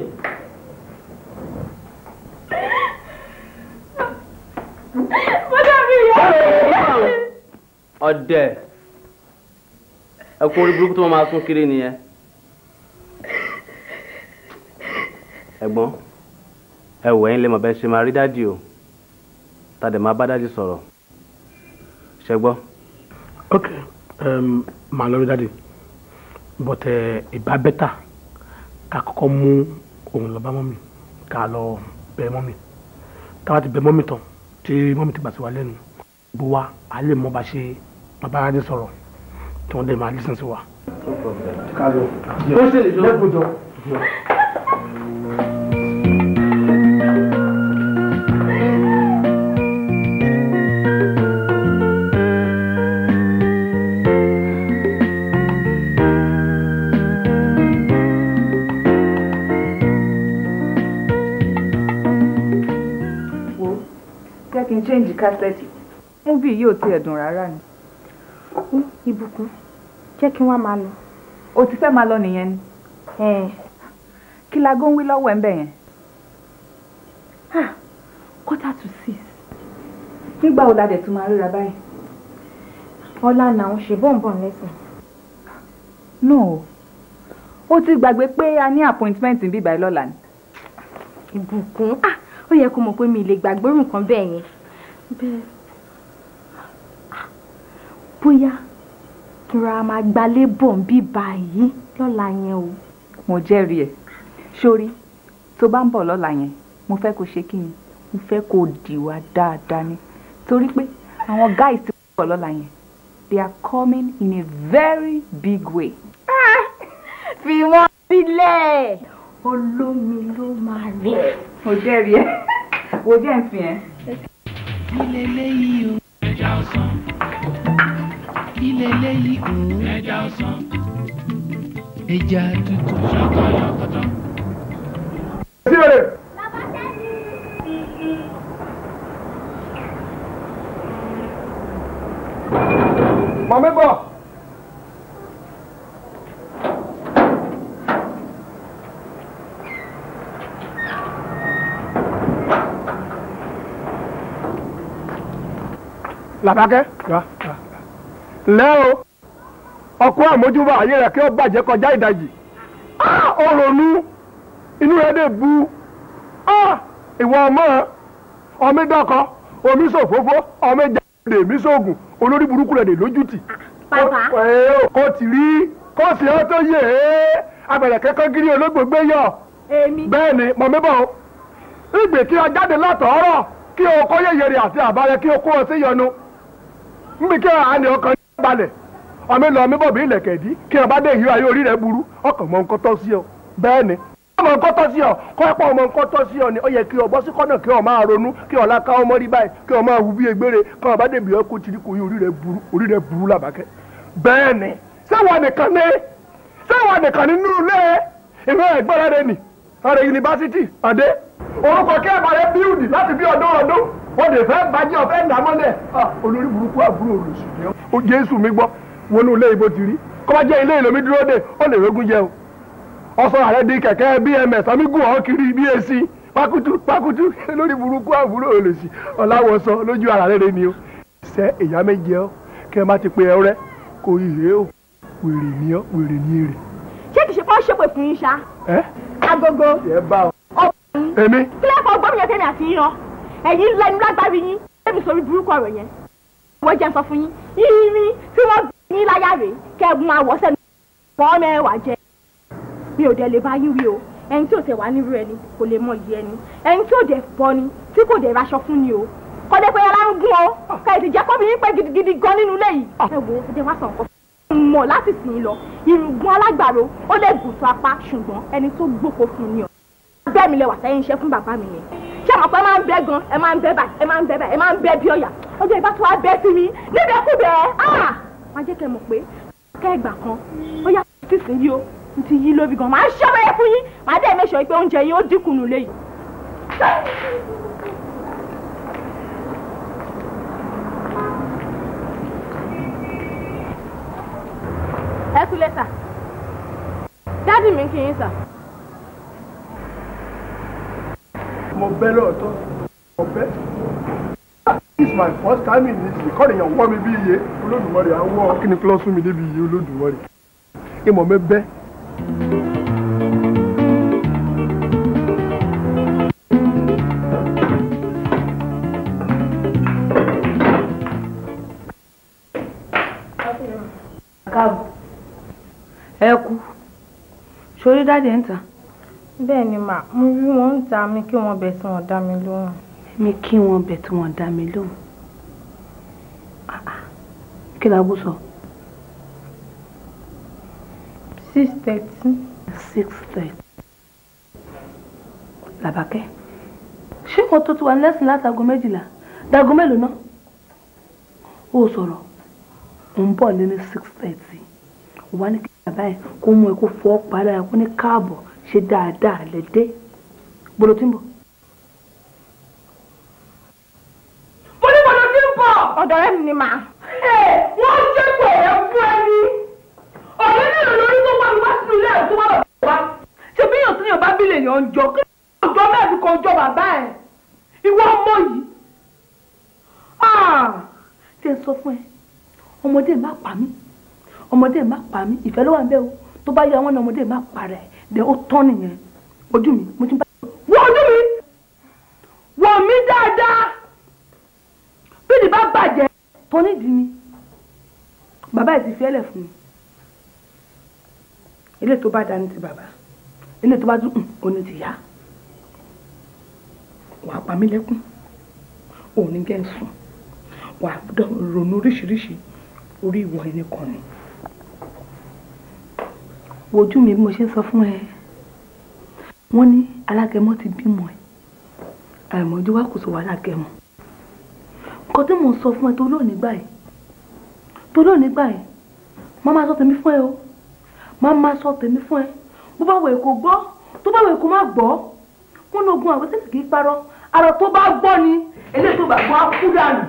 mo dàbí ìyá mi. ọ̀dẹ̀ ẹ kú orí burúkú tó máa sún kiri nìyẹn. ẹ̀gbọ́n ẹ wò ẹ̀yin lè mọ̀ bẹ́ẹ̀ ṣe máa rí dáàdì o ta dẹ̀ máa bá dáàdì sọ̀rọ̀ ṣe gbọ́. ok màá lọ rí dáàdì but ìbá bẹ́tà ká kọ́kọ́ mú òun lọ bá mọ́mì ká lọ bẹ mọ́mì táwa ti bẹ mọ́mì tán tí mọ́mì ti gbà sí wa lẹ́nu bó wa a lè mọ bá ṣe máa bá dáàdì sọ̀rọ̀ tí wọ́n dẹ̀ máa listen sí wa. ó ṣèlè jọ. kásẹ̀tì múbì yìí ò tiẹ̀ dùn rárá ni. ìbùkún jẹ́ kí wọ́n máa lọ. o ti fẹ́ máa lọ nìyẹn ni. kí lago ń wí lọ́wọ́ ẹ̀ ń bẹ̀ yẹn. Ah, quarter to six. nígbà wo la dẹ̀ tún máa ríra báyìí. ọlá náà ń ṣe bọ́ǹbọ̀n lẹ́sìn. no o ti gbàgbé pé a ní appointment níbí báyìí lọ́la ni. ah, ó yẹ kó mọ̀ pé mi lè gbàgbé nǹkan bẹ́ẹ̀ yẹn bẹ́ẹ̀ bóyá kí máa gbalé bọ̀ ń bí báyìí lọ́la yẹn o. mo jẹ́rìí ẹ̀ sórí tó bá ń bọ̀ lọ́la yẹn mo fẹ́ kó ṣe kí ni mo fẹ́ kó dìwà dáadáa ni torí pé àwọn guys tí bọ̀ lọ́la yẹn they are coming in a very big way. Ah! fi wọ́n sílẹ̀ olómi ló máa rẹ̀. mo jẹ́rìí ẹ̀ wo jẹ́ ń fi ẹ́ kí leléyìí o. ẹja ọsàn. kí leléyìí o. ẹja ọsàn. ẹja tútù. ṣọkọ làbákẹ́ lẹ́ o ọkọ àmójúbà ayé rẹ̀ kí ó bàjẹ́ kọjá ìdajì ó ronú inú rẹ̀ dé bu ìwọ ọmọ ọmọ dọkọ omi sòfófó ọmọ ìjà rẹ̀ mí sóògùn olórí burúkú rẹ̀ dè lójútì kò tí rí kò sí ọ tó yẹ ẹ́ abẹ̀rẹ̀ kẹ́kọ́ gírí olóògbé gbé yọ bẹ́ẹ̀ ni mọ̀ mí bọ̀ ìgbè kí ọ jáde látọ̀ọ́rọ̀ kí o kó yẹ̀yẹ̀rẹ̀ àti àbárẹ̀ kí o kó ọ sí yọnu mbike a ni ọkọ ndị balẹ̀ ọmọ lọ ọmọ ìbọ̀bí ilẹ̀kẹ̀ dí kí ọba dé ìhìwà yóò rí rẹ burú ọkọ mọ nǹkan tọ́ sí ọ bẹ́ẹ̀ ni ọmọ nǹkan tọ́ sí ọ kọ́ ọmọ nǹkan tọ́ sí ọ ni ó yẹ kí ọ bọ́ sí kí ọ máa ronú kí ọ ọmọ rí ọ máa hu bí egbére kí ọba dé ìbí ọkọ kò rẹ burú orí rẹ burú bẹ́ẹ̀ ni sẹ́wọ̀n nìkan sáré yunifásitì àdé orúkọ kẹ́ẹ̀bà rẹ bíúdì láti bí ọdún ọdún wọ́n lè fẹ́ bàjẹ́ ọ̀fẹ́ ìdámọ́lẹ̀ ah, olórí burúkú àbúrò olùsùnjẹ́. o jésù mi gbọ́ wọnú ilé ibo ti rí kọ́ bá jẹ́ ilé ìlòmí dúró dé ó lè rógún jẹ o. ọsọ ààrẹ di kẹ̀kẹ́ bms amígùn ọ̀ kiri bac pakutu pakutu lórí burúkú àbúrò olùsì ọ̀làwọ̀sọ lójú ara rẹ̀ ni o. sẹ ìyá méje ọ kẹ́ ti pe ẹ rẹ kò yìí o wèrè ni ọ wèrè ṣé kìí ṣe kó ṣépè fún yín ṣá. agogo ọkùnrin èmi. kílẹ̀ fọ gbọ́mìyàn tèmi àti yín yan ẹ̀yin lẹ́nu lágbárí yín tèmi sórí burúkú ọ̀rọ̀ yẹn. ìwọ jẹ́ sọ fún yín yíyín tí wọ́n gbé yín láyà rèé kẹ́gun máa wọ́ sẹ́nu fọ́ mẹ́wàá jẹ. mi ò dẹ̀ lè bá yín wí o ẹni tí ò tẹ̀ wá nírú ẹni kò lè mọ iye ẹni ẹni tí ò dẹ̀ bọ́ ni tí kò dẹ̀ raṣọ fún ni o kọ́dé pé yàrá ń ah. pé gidigidi gan nínú ilé yìí. Ah. ẹ jẹ́ kọ́ mọ̀ láti sìn lọ irùngbọ̀n alágbàro ó lè gùtù apá ṣùgbọ́n ẹni tó gbóko fún ni ọ. bẹ́ẹ̀ mi lẹ wà sẹ́yìn iṣẹ́ fún bàbá mi yẹn ṣé àwọn ọ̀pá máa ń bẹ́ gan ẹ máa ń bẹ́ báyìí ẹ máa ń bẹ́ báyìí ẹ máa ń bẹ́ bí ọ̀yà ọjọ́ ìbá tó wá bẹ́ sí mi níbẹ̀kúbẹ̀ á ah! máa jẹ́ kẹ́ mọ̀ pé kẹ́ ẹgbà kan ó yá sísìn yìí ó n ti yí lóbi gan máa ń ṣọ́ bẹ́yẹ fún yín máa dẹ́ mẹ́sọ̀ pé oúnjẹ yín ó dínkù nù léyìí. ẹ kú lẹ́sà dádì mi kì í sà. mo bẹ́ lóòótọ́ mo bẹ́ this is my first time in this week kọ́ni èèyàn wọ́ mi bí iye olódùmarè àwọn kí ni kí lọ́ọ́ sún mi débi iye olódùmarè ìmọ̀ mi bẹ́. rí dáàdì ń ta. bẹ́ẹ̀ ni mà mo rí wọn ń ta mi kí wọ́n bẹ̀ tí wọ́n dá mi lóhùn. mi kí wọ́n bẹ̀ tí wọ́n dá mi lóhùn. kí la bó sọ. six thirty. six thirty. làbákẹ́ ṣé wọn tó ti wà lẹ́sìn látago méjìlá dago mélòó náà ó sọ̀rọ̀ ń bọ̀ lé ní six thirty wà ní kí bàbá yẹn kó mú ẹ kó fọ́ padà kó ní káàbọ̀ ṣe dáadáa lẹ́dẹ́ bọ́lọ́ tí ń bọ̀. mo ní bọ́lọ́ tí ń bọ̀. ọ̀dọ̀ rẹ̀ mi ni màá. ẹ wọ́n ṣe pé ẹ fún ẹ ní. ọ̀rẹ́ náà lórí tó wá wá sí ilé ẹ̀ tó wá lọ́dọ̀ wá. ṣé bí èèyàn tó yàn bá bí lè yàn jọ kí ọjọ́ náà fi kan jọ bàbá ẹ̀ ìwọ ọmọ yìí. tí ah! ẹ sọ fún ẹ ọmọdé má pa mí ọmọdé má pa mí ìfẹ́ ló wà níbẹ̀ o tó bá yẹ àwọn ọmọdé má pa rẹ̀ de ó tán nìyẹn ojú mi mo ti bá wọ ojú mi wọ mí dáadáa bí ìdí bá bàjẹ́ tó nídìí ni bàbá ẹ̀ ti fi ẹlẹ̀ fún mi ilé tó bá dání ti bàbá ilé tó bá dún mm, òní ti yá wàá pa mí lẹ́kún òní gẹ̀ ń sùn wàá ronú oríṣiríṣi orí ìwọ ẹni kan ni wojú mi bí mo ṣe ń sọ fún ẹ wọ́n ní alágẹmọ ti bímọ ẹ àìmọ̀jú wa kò sọ wàhálà gẹmọ nǹkan tí mò ń sọ fún ẹ tó lónìí gbà yìí tó lónìí gbà yìí má máa sọ tèmi fún ẹ o má máa sọ tèmi fún ẹ bó bá wẹ̀ kó gbọ́ tó bá wẹ̀ kó má gbọ́ wọn lóògùn àwọn tẹ̀sí kì í parọ́ àrò tó bá gbọ́ ni eléyìí tó bá gbọ́ á kú dànù.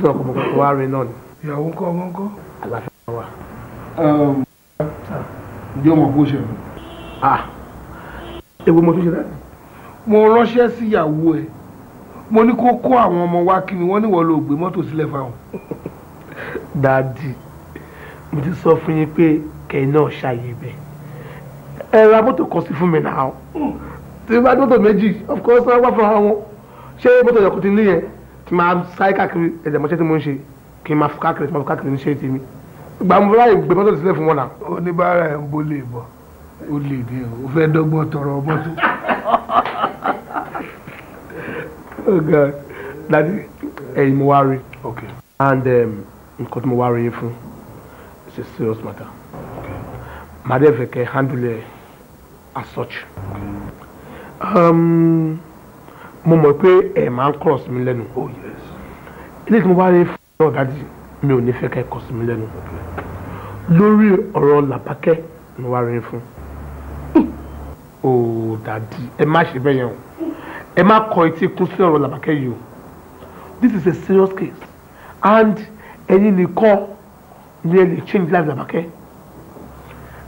sí ọkọ̀ mọ̀kọ́ tó wá rí náà ni. ìyàwó ńkọ́ ọmọ ńkọ́. àlàáfíà wà. Um, ǹjẹ́ o mọ̀ bó ṣe rẹ̀? ah èwo mo tún ṣe láti. mo ránṣẹ́ sí ìyàwó ẹ̀ mo ní kó kó àwọn ọmọ wa kí mi wọ́n níwọ̀ ló gbé mọ́tò sílẹ̀ fáwọn. dadi mo ti sọ fún yín pé kẹ́yìn náà ṣàyè bẹ́ẹ̀ ẹ ra mọ́tò kan sí fún mi náà hmm. tí bá mọ́tò méjì of course wọ́n wá fún ara wọn ṣé mọ́tò yọkùn ti ní yẹn kí n máa káàkiri ẹ̀jẹ̀ mọ́ṣẹ́ tí mo ń ṣe kí n máa fún káàkiri kí n máa káàkiri níṣẹ́ tèmi ìgbà mo bá gbé mọ́tò sílẹ̀ fún wọn náà. oníbàárà ẹ̀ ń bó lè bọ̀ ó lè dé o fẹ́ dọ́gbọ́n tọrọ mọ́tò. ọ̀gá oh dadi ẹ̀yin mo wá rí and um, nǹkan tí mo wá rí yín fún is a serious matter màdé fẹ́ kẹ́ handle it as such. Um, mo mọ̀ pé ẹ̀ máa ń cross mi lẹ́nu oh, ilé tí mo bá rí fún ọ̀gá jì mi ò ní fẹ́ kẹ́ cross mi lẹ́nu lórí ọ̀rọ̀ làbákẹ́ ni wàá rí fún hmm. o oh, dàdí ẹ má ṣe bẹ́ẹ̀ yẹn o ẹ má kọ etí kún sí ọ̀rọ̀ làbákẹ́ yìí o this is a serious case and ẹ̀yin nìkan ni ẹ lè change life làbákẹ́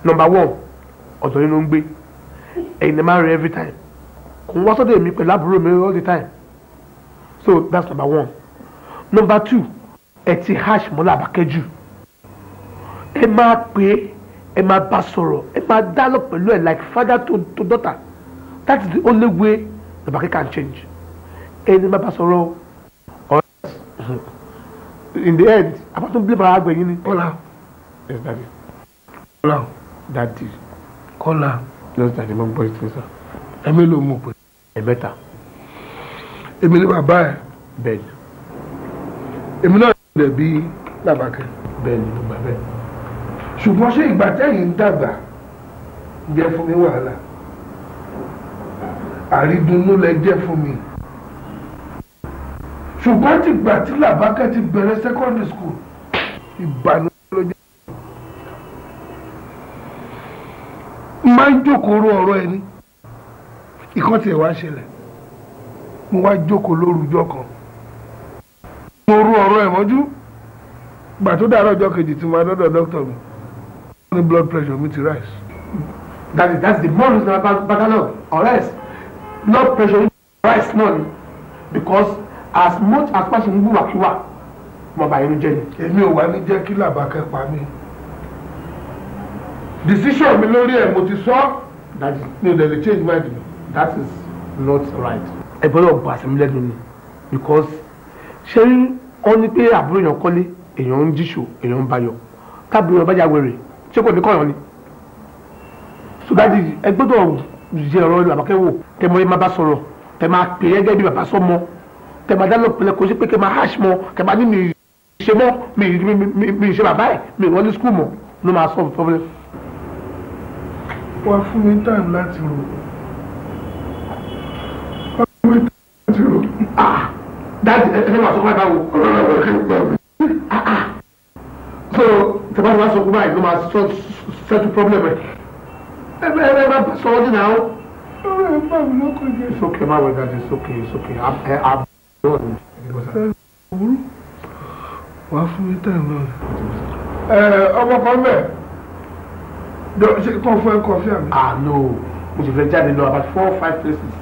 number one ọ̀dọ̀ nínú ń gbé ẹ̀yin ni máa rí every time òun wá sọ́dọ̀ èmi pẹ̀lú àbúrò mi all the time so that's number one number two ẹ ti hash mọ́lá àbákẹ́jù ẹ máa pè é ẹ máa bá sọ̀rọ̀ ẹ máa dálọ̀ pẹ̀lú ẹ like father to, to daughter that is the only way the Àbákẹ́ can change ẹni máa bá sọ̀rọ̀ or in the end àbátún blame ara àgbẹ̀ yín ni. kọ́lá yes daddy kọ́lá daddy kọ́lá yes daddy mo gbọ́ ìtúnṣe ẹ̀mí ló mú pé ẹ̀mẹ́ta èmi ní bàbá ẹ̀ bẹ́ẹ̀ ni èmi náà lè bí làbàkẹ́ bẹ́ẹ̀ ni mo gbà bẹ́ẹ̀ ṣùgbọ́n ṣé ìgbà tẹ́yìn ń dàgbà jẹ́ fún mi wàhálà àrídùnnú lẹ jẹ́ fún mi ṣùgbọ́n tìgbà tí làbákẹ́ ti bẹ̀rẹ̀ secondary school ìbànújẹ́ ló jẹ́ máa ń jókòó ọ̀rọ̀ ẹni ìkan tiẹ̀ wá ṣẹlẹ̀ mo wá jókòó lórúkọ kan mo rú ọ̀rọ̀ ẹ̀ mọ́jú gbà tó dàárọ̀ ọjọ́ kejì tí mo wá dọ́dọ̀ dókítà mi wọ́n ní blood pressure mi ti rise. that is that's the more reason about batalon or else blood pressure rise náà because as much as passion wúwa kíwà mo bá inú jẹ ni. èmi ò wá ní jẹ́ kí làbákẹ́ pa mí decision mi lórí ẹ̀ mo ti sọ mi ò dẹ̀ lè change mind mi that is not right. ẹ gbọ́dọ̀ gba àṣẹmí lẹ́nu ni because ṣé wọ́n ní pé àbúrò èèyàn kọ́lé èèyàn ń jíṣò èèyàn ń bayọ̀ tábìlì èèyàn bá jà wèrè ṣé kò ní kọ́yàn ni. sùgáàdì ẹ gbọ́dọ̀ yẹ ọ̀rọ̀ làbákẹ́ wò tẹ mọ ẹ má bá sọ̀rọ̀ tẹ máa pè é gẹ́gẹ́ bí bàbá sọ́mọ tẹ máa dáná pẹ̀lẹ́ kó ṣe pé kẹ máa hash mọ kẹ máa ní mi ṣe mọ mi mi ṣe bàbá ẹ mi wọlé skul mọ ló máa sọ fún mi. wàá fún mi time láti rò ó dáàdì ẹ máa sọ fún àbáwò. Ah, ah, ah. so tẹ̀bá tẹ̀bá sọ fún báyìí ló máa sọ sẹ́tù pọ́blẹ́mù ẹ ẹ bá sọ ọ́ dínà ó. sókè máa wẹ̀ dáàdì sókè sókè ẹ àbúrò ọ̀hún. wàá fún mi tẹ̀ náà. ẹ eh, ọmọ kan bẹ̀ ṣe kọ́ fún ẹ kọfí àmì. ah no mo sì fẹ́ jáde lọ about four five places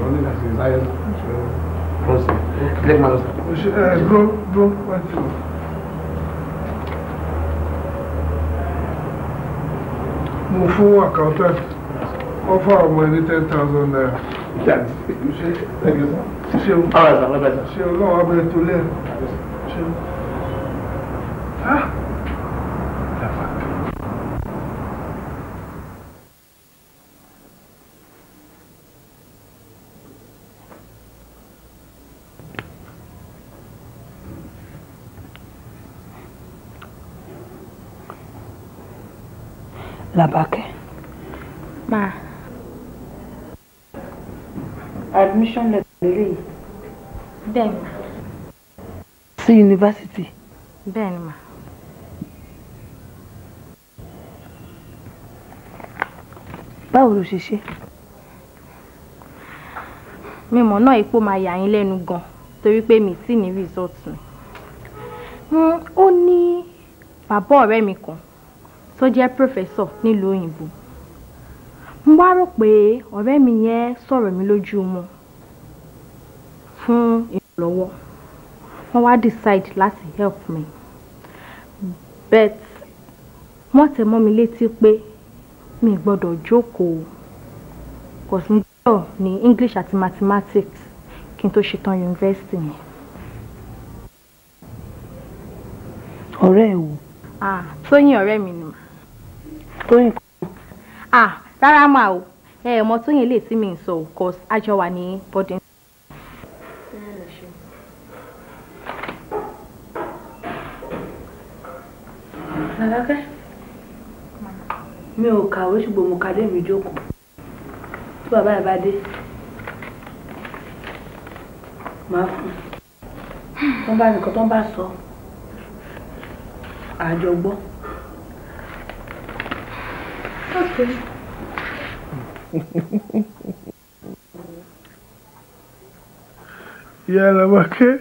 running as a lion bronze black man. dúró dúró wọ́n ti wọ̀. mo fún accountant wọ́n fún àwọn ẹni ten thousand naira. ṣé ṣé ṣé ah, ọlọ́wọ́ abẹ́rẹ́ tó lẹ́yìn. Làbákẹ́. Ma. Admission letter lélẹ́yìí. Bẹ́ẹ̀ni ma. Sí yunifásitì. Bẹ́ẹ̀ni ma. Báwo ló ṣe ṣe? Mi mọ̀ náà ipò máa yà yín lẹ́nu gan torí pé mi ti ní result mi. Hmm, ó ní bàbá ọ̀rẹ́ mi kan tó jẹ́ pòfẹ́sọ̀ nílùú òyìnbó mo wá rò pé ọ̀rẹ́ mi yẹn sọ̀rọ̀ mi lójú wọn fún ìrànlọ́wọ́ wọ́n wá decide láti help me but wọ́n tẹ̀ mọ́ mi létí pé mi gbọ́dọ̀ jókòó kọ̀sìndínlọ̀ ní English àti mathematics kí n tó ṣetán yunifásitì yẹn. ọ̀rẹ́ ẹ̀ wò. ah Tóyìn ọ̀rẹ́ mi ni tóyìn kọ́. ah rárá mà o ẹ ọmọ tóyìn lè tí mi ń sọ cos àjọ wà ní boarding. Làlákẹ́ mi ò kàwé ṣùgbọ́n mo kàdé mi jókòó tí bàbá ẹ̀ bá dé máa fún un tó ń bá nìkan tó bá sọ àjọgbọ́n. Okay. Yàrá-wákẹ́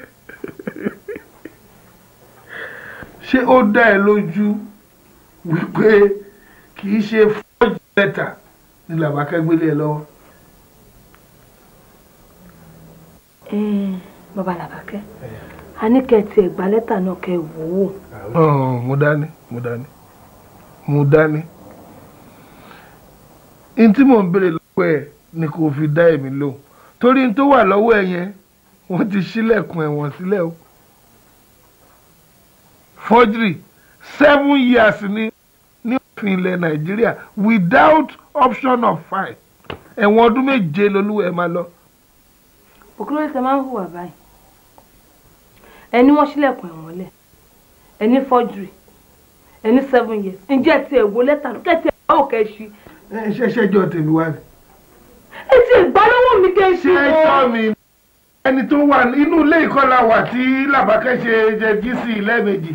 ṣé ó dá ẹ lójú wípé kì í ṣe fọ́ọ̀jì lẹ́tà ni làbákẹ́ gbélé ẹ lọ́wọ́. bàbá làbákẹ́ a ní kẹ́ ẹ ke? gba lẹ́tà náà kẹ́ ẹ wò ó. mo dání mo dání mo dání n tí mò ń béèrè lọ́wọ́ ẹ̀ ni kò fi dá èmi lò torí n tó wà lọ́wọ́ ẹ̀ yẹn wọ́n ti ṣílẹ̀kùn ẹ̀wọ̀n sílẹ̀ o. forgery seven years ni ní òfin ilẹ̀ nàìjíríà without option of fine ẹ̀wọ̀n ọdún méje lolúwẹ̀ máa lọ. òkúrò ìṣe máa ń hùwà báyìí ẹni wọ́n ṣílẹ̀kùn ẹ̀wọ̀n lẹ̀ ẹni forgery ẹni seven years ǹjẹ́ ti ẹ̀ wo lẹ́tà kẹ́tì ẹ̀ báwò kẹ́ ṣí ẹ ṣe ṣẹjọ tèmi wá ni. ẹ ti gbá lọ́wọ́ mi kẹ́ ṣe o. ṣé tọ́ mi ẹni tó wà nínú ilé ìkọlà wà tí làbákẹ́ ṣe jẹ gíìsì lẹ́ẹ̀mejì.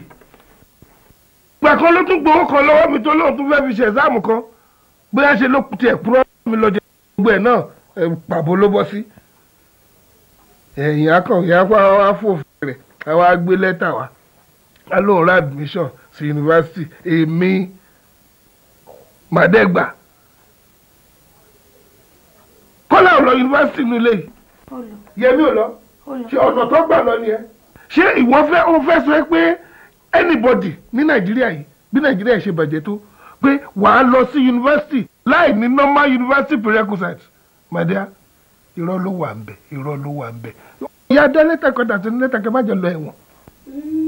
ìgbà kan ló tún gbowó kan lọ́wọ́ mi tó lóun tún fẹ́ fi ṣe ẹ̀sáàmù kan bóyá ṣe ló tiẹ̀ purọ́ mi lọ jẹ gbogbo ẹ̀ náà pàbó ló bọ́ sí. ẹ̀yìn akọ̀ ìyá wa fòfin rẹ̀ àwa gbé lẹ́tà wa a lóun ra admission sí yunifásitì èmi màdẹ́gbà kọ́lá ò lọ yunifásitì nílé yìí yẹmi ò lọ ṣe ọ̀nà tó gbà lọ ni ẹ. ṣé ìwọ fẹ́ o fẹ́ sọ pé anybody ní nàìjíríà yìí bí nàìjíríà ṣe bàjẹ́ tó pé wàá lọ sí yunifásitì láì ní normal university prerequisite my dear irọ́ ló wà ń bẹ̀ irọ́ ló wà ń bẹ̀. ìyá dá lẹ́tà kan dàtí lẹ́tà kan má jọ lọ ẹ̀wọ̀n. Mm.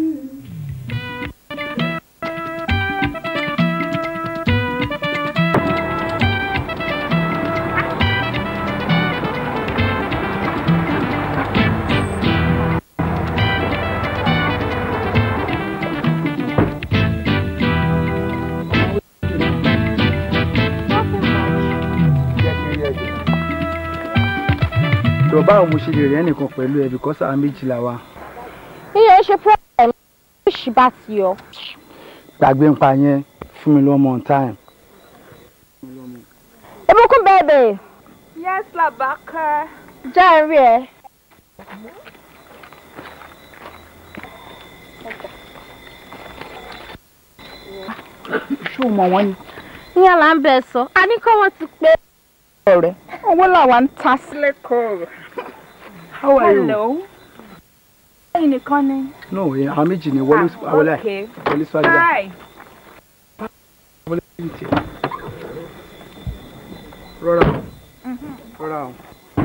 jọ báwo mo ṣe lè rẹ́ nìkan pẹ̀lú ẹ bìkọ́sì àwọn méjì la wa. iye ṣe pẹ́ẹ́rẹ́ ló ṣì bá ti yọ. gbàgbé npa yẹn fún mi lọ́mọ time. ìbùkún bẹ̀rẹ̀. yes Labaka. jẹ́ rí ẹ. ṣé o mọ̀ wọ́n ni. ìyá là ń bẹ̀ sọ a ní kọ́ wọ́n ti pé ọ̀rẹ́ owó làwa ń ta sílẹ̀ kọ̀ọ̀rọ̀. how are Hello. you. ẹ̀yin nìkan ni. no ẹ̀yin àwọn méjì ni wọlé ah, wọlé wọlé sọ́jà. hi. wọlé sọ́jà tiẹ̀ rọra rọra o. Mm-hmm. Mm.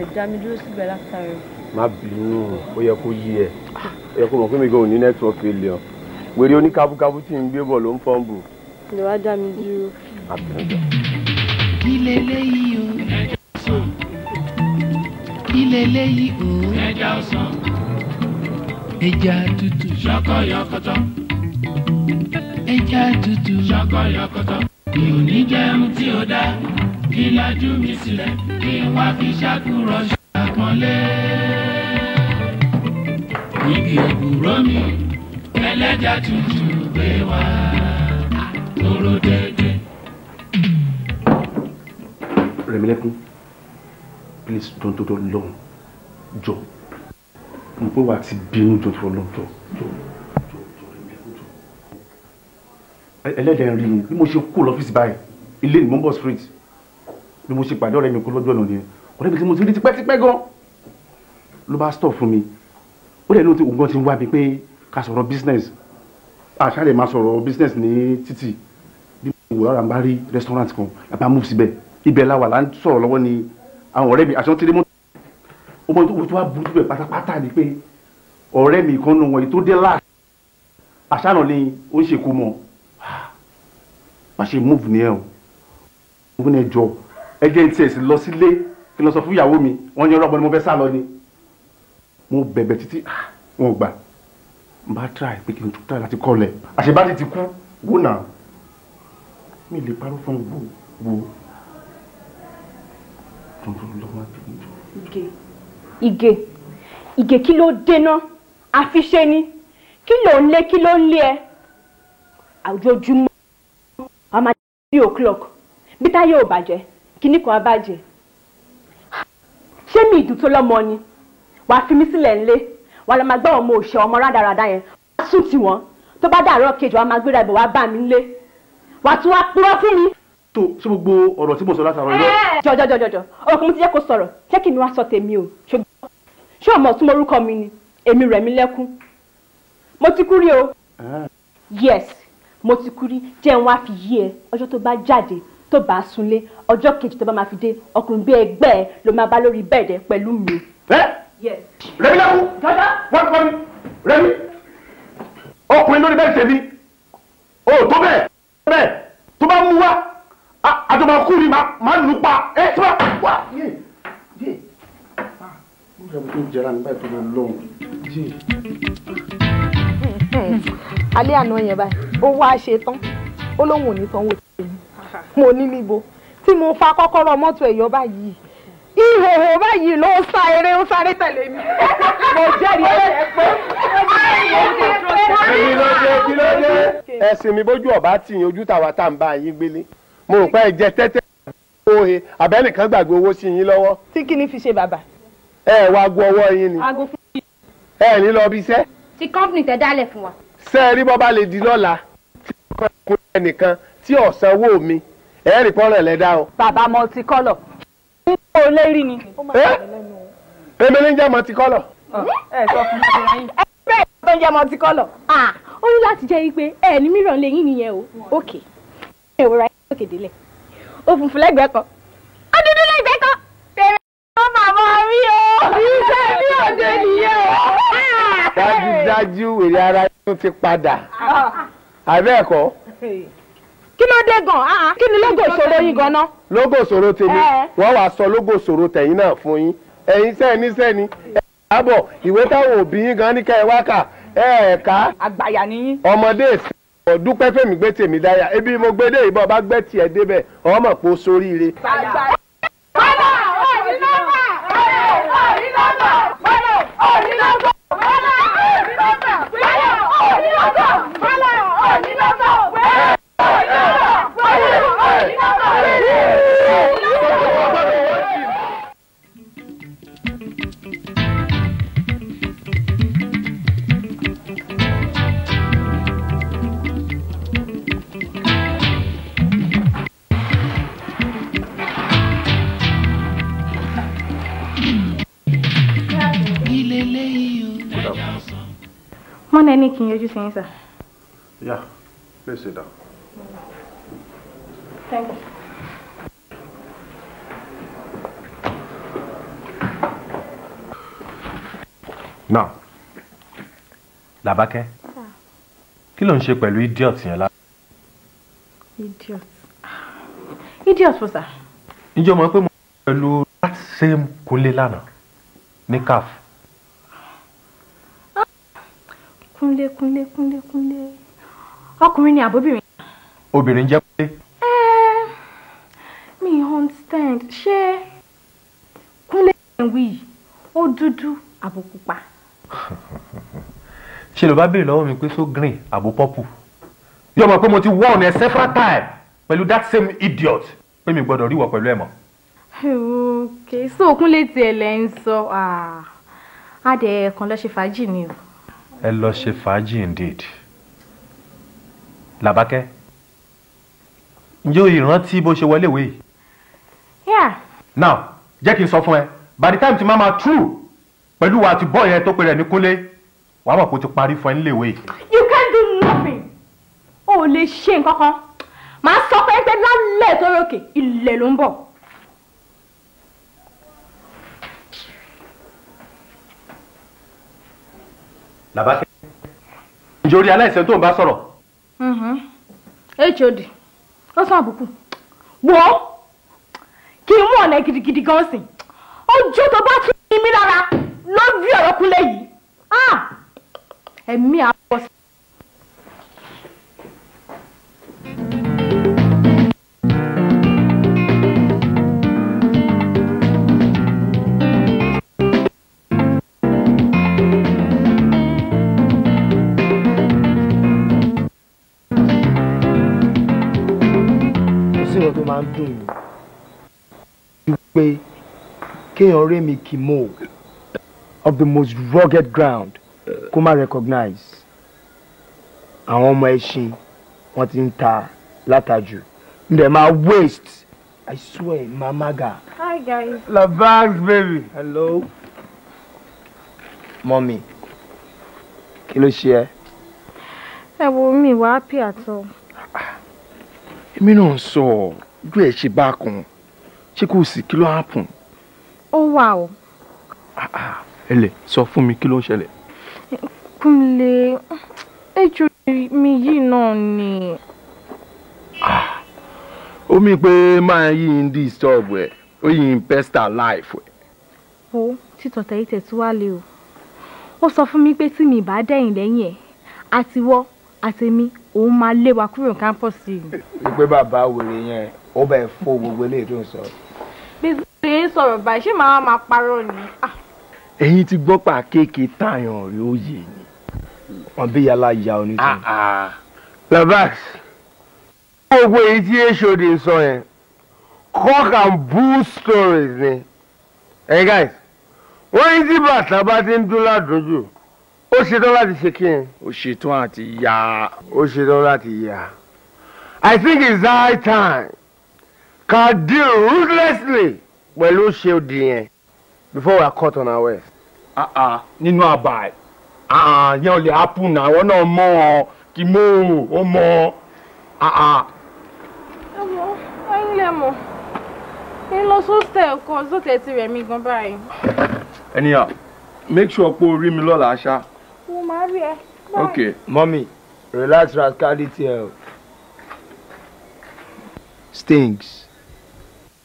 ẹ̀dẹ̀ dá mi dúró síbẹ̀ látàrí. má bínú ó yẹ kó yí ẹ ó yẹ kó mọ̀ pé mi gan ò ní network failure wèrè oníkábúkábú tí ń gbé bọ̀ ló ń fọ́ǹbù. lè wá dá mi dúró. ilé eléyìí o ilé eléyìí o ẹja ọsàn ẹja tútù ṣọkọ yọkọtọ ẹja tútù ṣọkọ yọkọtọ mi ò ní jẹun tí ó dáa kí lajú mi sílẹ̀ kí n wá fi ṣàkúrọ̀ ṣàpọ́nlé. Ibi òwúrọ̀ mi ẹlẹ́jà tuntun gbé wá tóró dédé. Rẹ̀mílẹ́kún, please don't do the long, jọ. Mo pé wàá ti bínú jọ tó lọ jọ jọ jọ jọ Rẹ̀mílẹ́kún jọ. Ẹlẹ́dẹ̀ẹ́ rí mi bí mo ṣe kú lọ́fíìsì báyìí, ilé ìmọ̀ọ́bọ̀ street bí mo ṣe pàdé ọ̀rẹ́ mi kú lọ́jọ́ náà nìyẹn ọ̀rẹ́ mi tí mo ti rí tipẹ́tipẹ́ gan ló bá stop fún mi ó dẹ̀ lóun ti ògùn ti wá mi pé ká sọ̀rọ̀ business àṣà lè máa sọ̀rọ̀ business ní títì bí mo wò lára ń bá rí restaurant kan làbá move síbẹ̀ ibẹ̀ la wà là ń sọ̀rọ̀ lọ́wọ́ ni àwọn ọ̀rẹ́ mi àṣà ti rí mọ́tò ọmọ tó tó wá burú jù bẹ̀ pátápátá ni pé ọ̀rẹ́ mi kan nù wọ̀nyí tó dé láà àṣà náà ni ó ń ṣèkú mọ́ ah, bá ṣe move nìyẹn o move nìyẹn jọ ẹ jẹ́ tiẹ̀ sì lọ sílé kí n lọ sọ fún ìyàwó mi wọ́n ní ọlọ́gbọ́n ni mo fẹ́ sá lọ ni mo bẹ̀bẹ̀ títí ah, wọn ò gbà bá try pé kí n try láti kọ́ lẹ̀ àṣebáde ti kú wò náà mi lè parọ́ fún wo wo tuntun lọ́wọ́ àbíyànjú. Ige Ige Ige kí ló dé náà àfiṣe ni kí ló ń lé kí ló ń lé ẹ àwùjọ ojúmọ́ three o'clock bí táyé ò bàjẹ́ kinní kan á bàjẹ́ ṣé mi ìdùn tó lọ́mọ ni wàá fi mí sílẹ̀ ńlé wàá lọ máa gbọ́ ọmọ òṣè ọmọ rádaràda yẹn wàá sùn tì wọ́n tó bá dàárọ̀ kejì wàá máa gbéra ibò wàá bà mí ńlé wàá tún wá purọ́ fún mi. tó ṣé gbogbo ọ̀rọ̀ tí mo sọ látàrọ̀ yọ. Eh! jọjọjọjọjọ ọkùnrin ti jẹ́ kó sọ̀rọ̀ jẹ́ kí ni wàá sọ tèmi o ṣé ọmọ ọ̀tún morúkọ mi ni èmi rẹ̀ eh. yes mo ti kú rí jẹ́ tó bá súnlé ọjọ́ kejì tó bá máa fi dé ọkùnrin bí ẹgbẹ́ ẹ ló máa bá lórí bẹ́ẹ̀dẹ̀ pẹ̀lú mi. rẹmi lẹkùn wọn kọ mi rẹmi ọkùnrin lórí bẹ́ẹ̀ tèmi o tó bẹ́ẹ̀ bẹ́ẹ̀ tó bá mú wa àjọba kú ni màá nù pa ẹ tó bá wà. Ah, alẹ́ àná yẹn báyìí ó wá ṣe tán ó lóun ò ní sanwó tèmi mo ní níbo tí mo fa kọ́kọ́rọ́ mọ́tò ẹ̀yọ́ báyìí ìhòhò báyìí ló sá eré ó sáré tẹ̀lé mi mo jẹ́rìí ẹ̀ pé èmi ló dé kí ló dé ẹ̀sìn mi bójú ọ̀bá tì yín ojú tàwa tá n bá yín gbélé mo rò pé ẹ jẹ tẹ́tẹ́ òhe àbẹ́nìkan gbàgbé owó sí yín lọ́wọ́. tí kí ni fi ṣe bàbá. ẹ wá gu ọwọ́ yín ni ẹ ní lọ bí iṣẹ́. ti kọ́ńpìnì tẹ dálẹ̀ fún wa. sẹ́ẹ̀rí bọ́ bá lè di lọ́la tí wọ́n kún ẹnìkan tí ọ̀sánwó mi ẹ̀ẹ́rì pọ́nrán ẹ̀lẹ́dá o. bàbá multicolor n kò lè rí ni. èmi ní jẹ́ multicolor. ẹ sọ fún mi. ẹ bẹ́ẹ̀ tó ń jẹ́ multicolor. ó ní láti jẹ́ pé ẹ ní mìíràn lẹ́yìn nìyẹn o òkè ẹ wòra ẹ lókè délẹ̀ òfùfù lẹ́gbẹ̀ẹ́ kan ó dúdú lẹ́gbẹ̀ẹ́ kan tèrè ó màmá rí o. iṣẹ́ ní òde nìyẹn o. dájúdájú èrè ara yín ti padà àbẹ́ẹ̀kọ́. Ah. kí ló dé gan-an kí ni lógo ìṣòro yín gan-an. lógo ìṣòro tèmi wọ́n wàá sọ lógo ìṣòro tẹ̀yìn náà fún yín ẹ̀yin sẹ́ni sẹ́ni ẹ̀ àbọ̀ ìwé táwọn òbí yín gan-an ní kẹ́ ẹ wá kà àgbàyà ni yín. ọmọdé ìsìn ọ̀ dúpẹ́ fèmí gbé tèmi dáyà ebi mo gbé dé ìbọn bá gbẹ́ tiẹ̀ débẹ̀ ọmọ pò sóríire. àgbàyà onílọ́gbọ̀n. One any king you just answer. Yeah, please sit down. Thank you. Now, Làbákẹ́, ah. kí ló ń ṣe pẹ̀lú idiot yẹn lá? Idiot. Idiot wo sà? Ǹjẹ́ o mọ̀ pé mo ń pẹ̀lú that same Kúnlé lánàá ní CAF? Ah. Kúnlé Kúnlé Kúnlé Kúnlé. Ọkùnrin ni àbóbìnrin. Obìnrin jẹ́ Kúnlé. Me understand ṣé kúnlé ìwé ó dúdú àbò pupa. ṣe ló bá béèrè lọ́wọ́ mi pé so green àbò purple yóò mọ̀ pé mo ti warn ẹ several times pẹ̀lú that same idiot pé mi gbọ́dọ̀ ríwọ̀ pẹ̀lú ẹ̀ mọ́. ok so kúnlé tiẹ̀ lẹ́ ń sọ adẹ̀ kan lọ́ọ́ ṣe fàájì ni o. ẹ lọ ṣe fàájì indeed làbákẹ́ ǹjẹ́ o ìrántí bó ṣe wọlé ìwé Yeah. now jẹ́ kí n sọ fún ẹ by the time ti máa ma true pẹ̀lú wa àti bọ́ọ̀ yẹn tó pe rẹ̀ ní kúnlé wàá mọ̀ kó ti parí fún ẹ nílé you can do nothing o ò lè ṣe nǹkan kan màá sọ pé pé lálẹ́ tó ròkè ilẹ̀ ló ń bọ̀. làbákẹ́ ǹjẹ́ orí aláìsàn tó ń bá sọ̀rọ̀. hod mm-hmm. ó sàn àbùkù wò kí n mú ọ̀nà gidigidi gan sìn ojú tó bá tún ní mí lára ló bí ọ̀rọ̀ kúnlẹ̀ yìí ah! ẹ̀mí àbọ̀ sí. máa ń pé kéèyàn rí mi kì mọ́ of the most rugged ground kó má recognize àwọn ọmọ ẹṣin wọ́n ti ń ta látàjù ǹdẹ̀ máa waste i swear mamaga. hi guys. la baby. hello. mọ́mí kí ló ṣe ẹ́. ẹ mi wá happy at all. èmi náà ń sọ ojú ẹ̀ ṣe bákan ṣé kò sí kí ló happen. ó wà o. ẹlẹ ah, ah, sọ fún mi kí ló ń ṣẹlẹ̀. Kúnlé ẹjọ́ mi yìí náà ni. Ah, ó mi pé máa yí in disturb ẹ ó yí in pester life ẹ. o títọ̀ tẹ̀yí tẹ̀ tí wàá lé o ó sọ fún mi pé tí mi bá dẹ̀yìn lẹ́yìn ẹ̀ àtiwọ́ àtẹ̀mí òun máa lé wa kúrò ní kámpọ̀sì. ìpè bàbá wèrè yẹn ó bẹ̀ fọ́ gbogbo eléyìí tó ń sọ bí yín sọ̀rọ̀ báyìí ṣé màá máa parọ́ ni. Ah. ẹ̀yin ti gbọ́ pa kéèké táyàn rí òye ni wọn bí yàrá ya onítàn. Lavas ah, ah. gbogbo èyí tí hod sọ yẹn cock and bull stories ni ẹ guys wọ́n yí tí bàtà bá ti ń dún ládùúgbò ó ṣetán láti ṣe kí n. ó ṣetán àti yá. ó ṣetán láti yá. I think it's high time ká deal ruthlessly pẹ̀lú shield yẹn before we are caught on our way. Ah, ah, nínú àbá ẹ̀ ah, yẹn ò lè happen náà àwọn náà mọ̀ ọ́ kí mo ò mọ̀ ọ́. ẹ̀wọ̀n ẹ̀yin lè mọ̀ ẹ lọ sọ́tẹ̀ kan sọ́tẹ̀ ti rẹ̀ mí gan báyìí. anyhow make sure pé o rí mi lọ́la ṣá. mo máa rí ẹ. ok mọ́mí relax rascality stings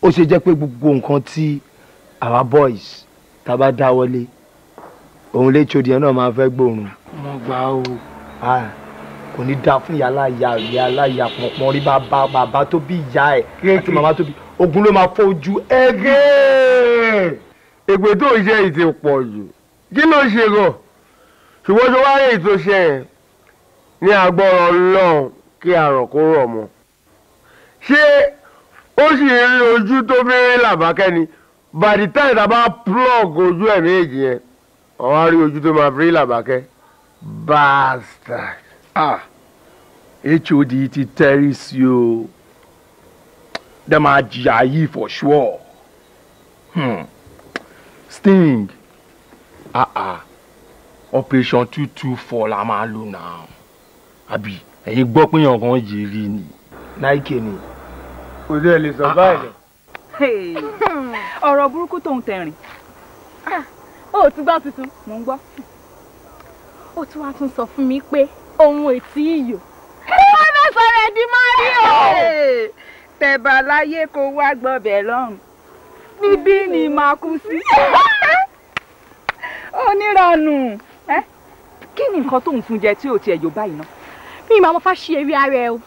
ó ṣe jẹ́ pé gbogbo nǹkan tí àwa boys tá a bá dáwọ́lé òun lè tso díẹ̀ náà máa fẹ́ gbòòrùn. mo gbà ó. kò ní dáa fún yàrá ìyá ìyá aláìyá pọ̀npọ̀n rí bàbá bàbá tó bí ìyá ẹ̀ àti màmá tó bí ogun ló máa fọ́ ojú ẹgẹ́. èpè tó ń ṣe ètò pọ̀ jù kí ló ṣe rọ̀ ṣùgbọ́n tó wáyé ètò ṣe ẹ̀ ní agbọ́rọ̀ ọlọ́run kí àrùn kó rọ̀ mọ́ ṣé ó sì rí ojú tó mẹ́rin làbákẹ́ ni by the time tá a bá plug ojú ẹ̀ méjì yẹn ọ̀hún á rí ojú tó máa rí làbákẹ́ bastard. ah hod ti tẹ́rí sí o dem máa jìyà yìí for sure hmm. sting ah ah operation two two four la máa lò náà àbí ẹ̀yin gbọ́ pé yàn kan yèrè ni nike ni kò sí ẹ lè sọ báyìí lọ. ọ̀rọ̀ burúkú tóun tẹ̀rìn ah, ó ti gbọ́ tuntun mò ń gbọ́ ó tún wá tún sọ fún mi pé ohun ètí iyò ó fẹ́ sọ̀rọ̀ ẹ̀dín máa rí o. tẹ̀bà láyé kó wá gbọ́bẹ̀ lọ́rùn níbí ni màá kú sí oníranù kí ni nǹkan tóun tún jẹ tí ò tiẹ̀ yóò báyìí náà mi ìmọ̀ àwọn fáṣí eré ara ẹ o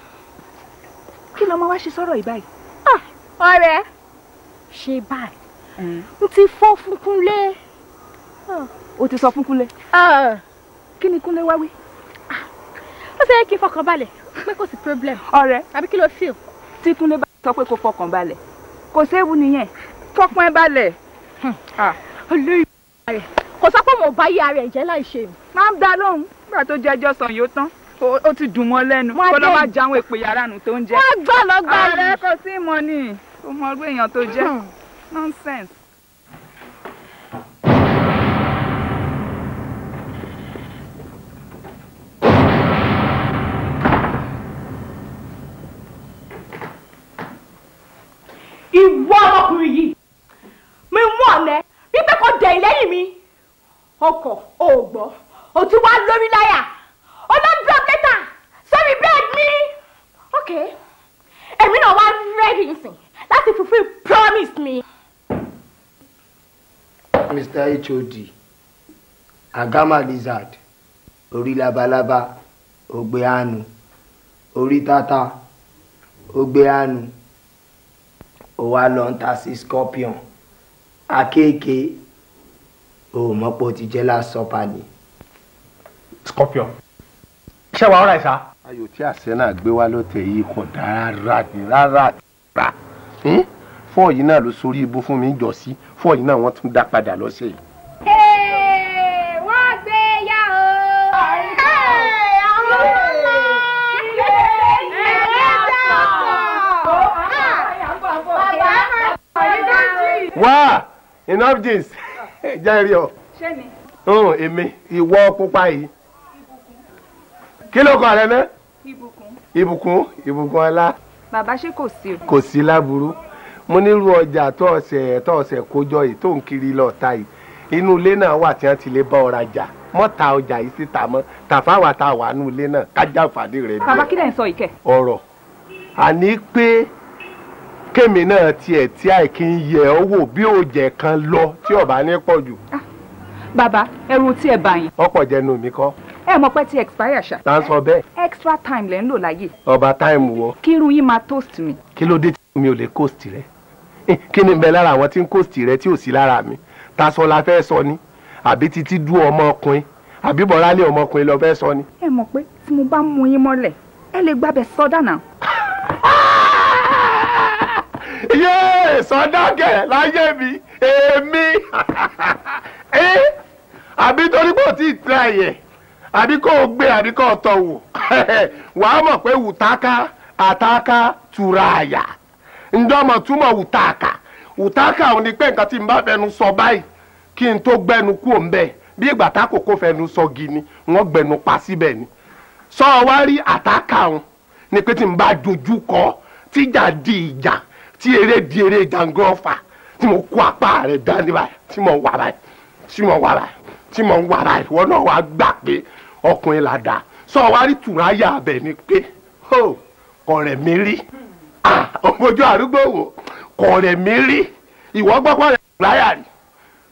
kí ni ọmọ wa ṣe sọ̀rọ̀ yìí ọ̀rẹ́ ṣe báyìí n mm. ti fọ́ fún Kúnlé. Ah. o ti sọ fún Kúnlé. Ah. kí ni Kúnlé wá wí. Ah. ó ṣe kí n fọkàn balẹ̀ pé kò sí problem. ọ̀rẹ́ àbí kí ló feel. tí Kúnlé bá sọ pé kò fọkàn balẹ̀ kò séwu nìyẹn fọkàn ẹ balẹ̀. Hmm. olórí ìyá rẹ̀ kò sọ pé mo bá yá rẹ̀ jẹ́ láì mi. máa ń dá lóhùn. nígbà tó jẹjọ́ sàn yóò tán ó ti dùn mọ́ lẹ́nu kó lọ́ wá jáwọn èpè yàrá nù tó ń jẹ. wọ́n gbọ́ lọ́gbà rẹ̀. ààrẹ kò sí mọ́ o mọ ọgbẹ́ èèyàn tó jẹ́ hmm. nonsense. ìwọ ọmọkùnrin yìí mi mú ọ̀lẹ́ wípé kò dẹ̀yìn lẹ́yìn mi ọkọ̀ òògbọ́ òtún wá lórí láyà olóńgbò kẹta sórí bẹ́ẹ̀ mi ok èmi náà wá rẹ́ẹ̀dì nsìn láti fulfill promise mi. Mr. HOD Agama lizard Ori labalaba, ògbé Ori tata ògbé àánú òwa scorpion akéèké òmọ́pọ̀ ti jẹ́ scorpion ṣé wàá ọ̀rọ̀ ẹ̀ sá. ayò tí àṣẹ náà gbé wá lóde yìí kò dára rárá fọ́ọ̀ yìí náà ló sorí ibú fún mi jọ sí fọ́ọ̀ yìí náà wọ́n tún dá padà lọ́sẹ̀ yìí. wọ́n gbé yá o. àwọn ọmọ ilé ilé dàpọ̀. bàbá wá enough jeans jẹ́rìí ọ. ṣé mi. èmi ìwọ pupa yìí. kí ló kọ rẹ náà. ìbùkún. ìbùkún ìbùkún ọlá. bàbá ṣé kò sí o. kò sí láburú mo nírú ọjà tọ́ọ̀sẹ̀ tọ́ọ̀sẹ̀ kójọ yìí tó ń kiri lọ́ọ̀ta yìí inú ilé náà wà tí wọ́n ti lè bá ọ rajà mọ́ta ọjà yìí síta mọ́ tàfáwà tá a wà nù ilé náà kájà fàdé rẹ̀ bí. bàbá kí lẹ́yìn sọ ìkẹ́. ọ̀rọ̀ àní pé kémi náà tiẹ̀ tí àìkí ń yẹ ọ wò bí òòjẹ̀ kan lọ tí ọ̀bá ní pọ̀ jù. Ah, bàbá ẹrù tí ẹ bá yín. ọ̀pọ̀ jẹnu mi kọ́ ẹ mọ̀ pé ti expire ṣá. tá a sọ bẹ́ẹ̀. extra time lẹ ń lò láyè. ọba time wo. kírun yín máa toast mi. kí ló dé mi ò lè coast rẹ eh, kí ni bẹ lára àwọn tí ń coast rẹ tí ò sí lára mi tasọ la fẹ́ sọ ni àbí títí dú ọmọkùnrin àbí bọ́lálẹ̀ ọmọkùnrin lọ fẹ́ sọ ni. ẹ mọ̀ pé tí mo bá mú yín mọ́lẹ̀ ẹ lè gbábẹ́ sọ́dà náà. yé sọdákẹ́ láyé mi èmi eh, àbí torí kò tí ì tẹ ẹ̀yẹ̀ àbí kò gbé àbí kò tọ̀ wò wàá mọ̀ pé wùtáká àtáká tura àyà ǹjọ́ mọ̀ túmọ̀ wùtáàkà wùtáàkà ò ní pé nǹkan tí n bá fẹnu sọ báyìí kí n tó gbẹnu kú òun bẹ́ẹ̀ bí ìgbà tá kòkó fẹnu sọ gi ni wọ́n gbẹnu pa síbẹ̀ ni sọ wá rí àtàkà òun ni pé tí n bá dojú kọ tíjà di ìjà tí eré di eré jàǹgọ́fà tí mo kó apá rẹ̀ dání báyìí tí mo wà báyìí tí mo wà báyìí tí náà wàá gbà pé ọkùnrin là dáa sọ wá rí tùráyà abẹ ni pé kọ̀rẹ̀ mi rí ọmọjú àrúgbó wo, kò rẹ̀ mí rí ìwọ gbọ́pọ̀ rẹ̀ láyà rí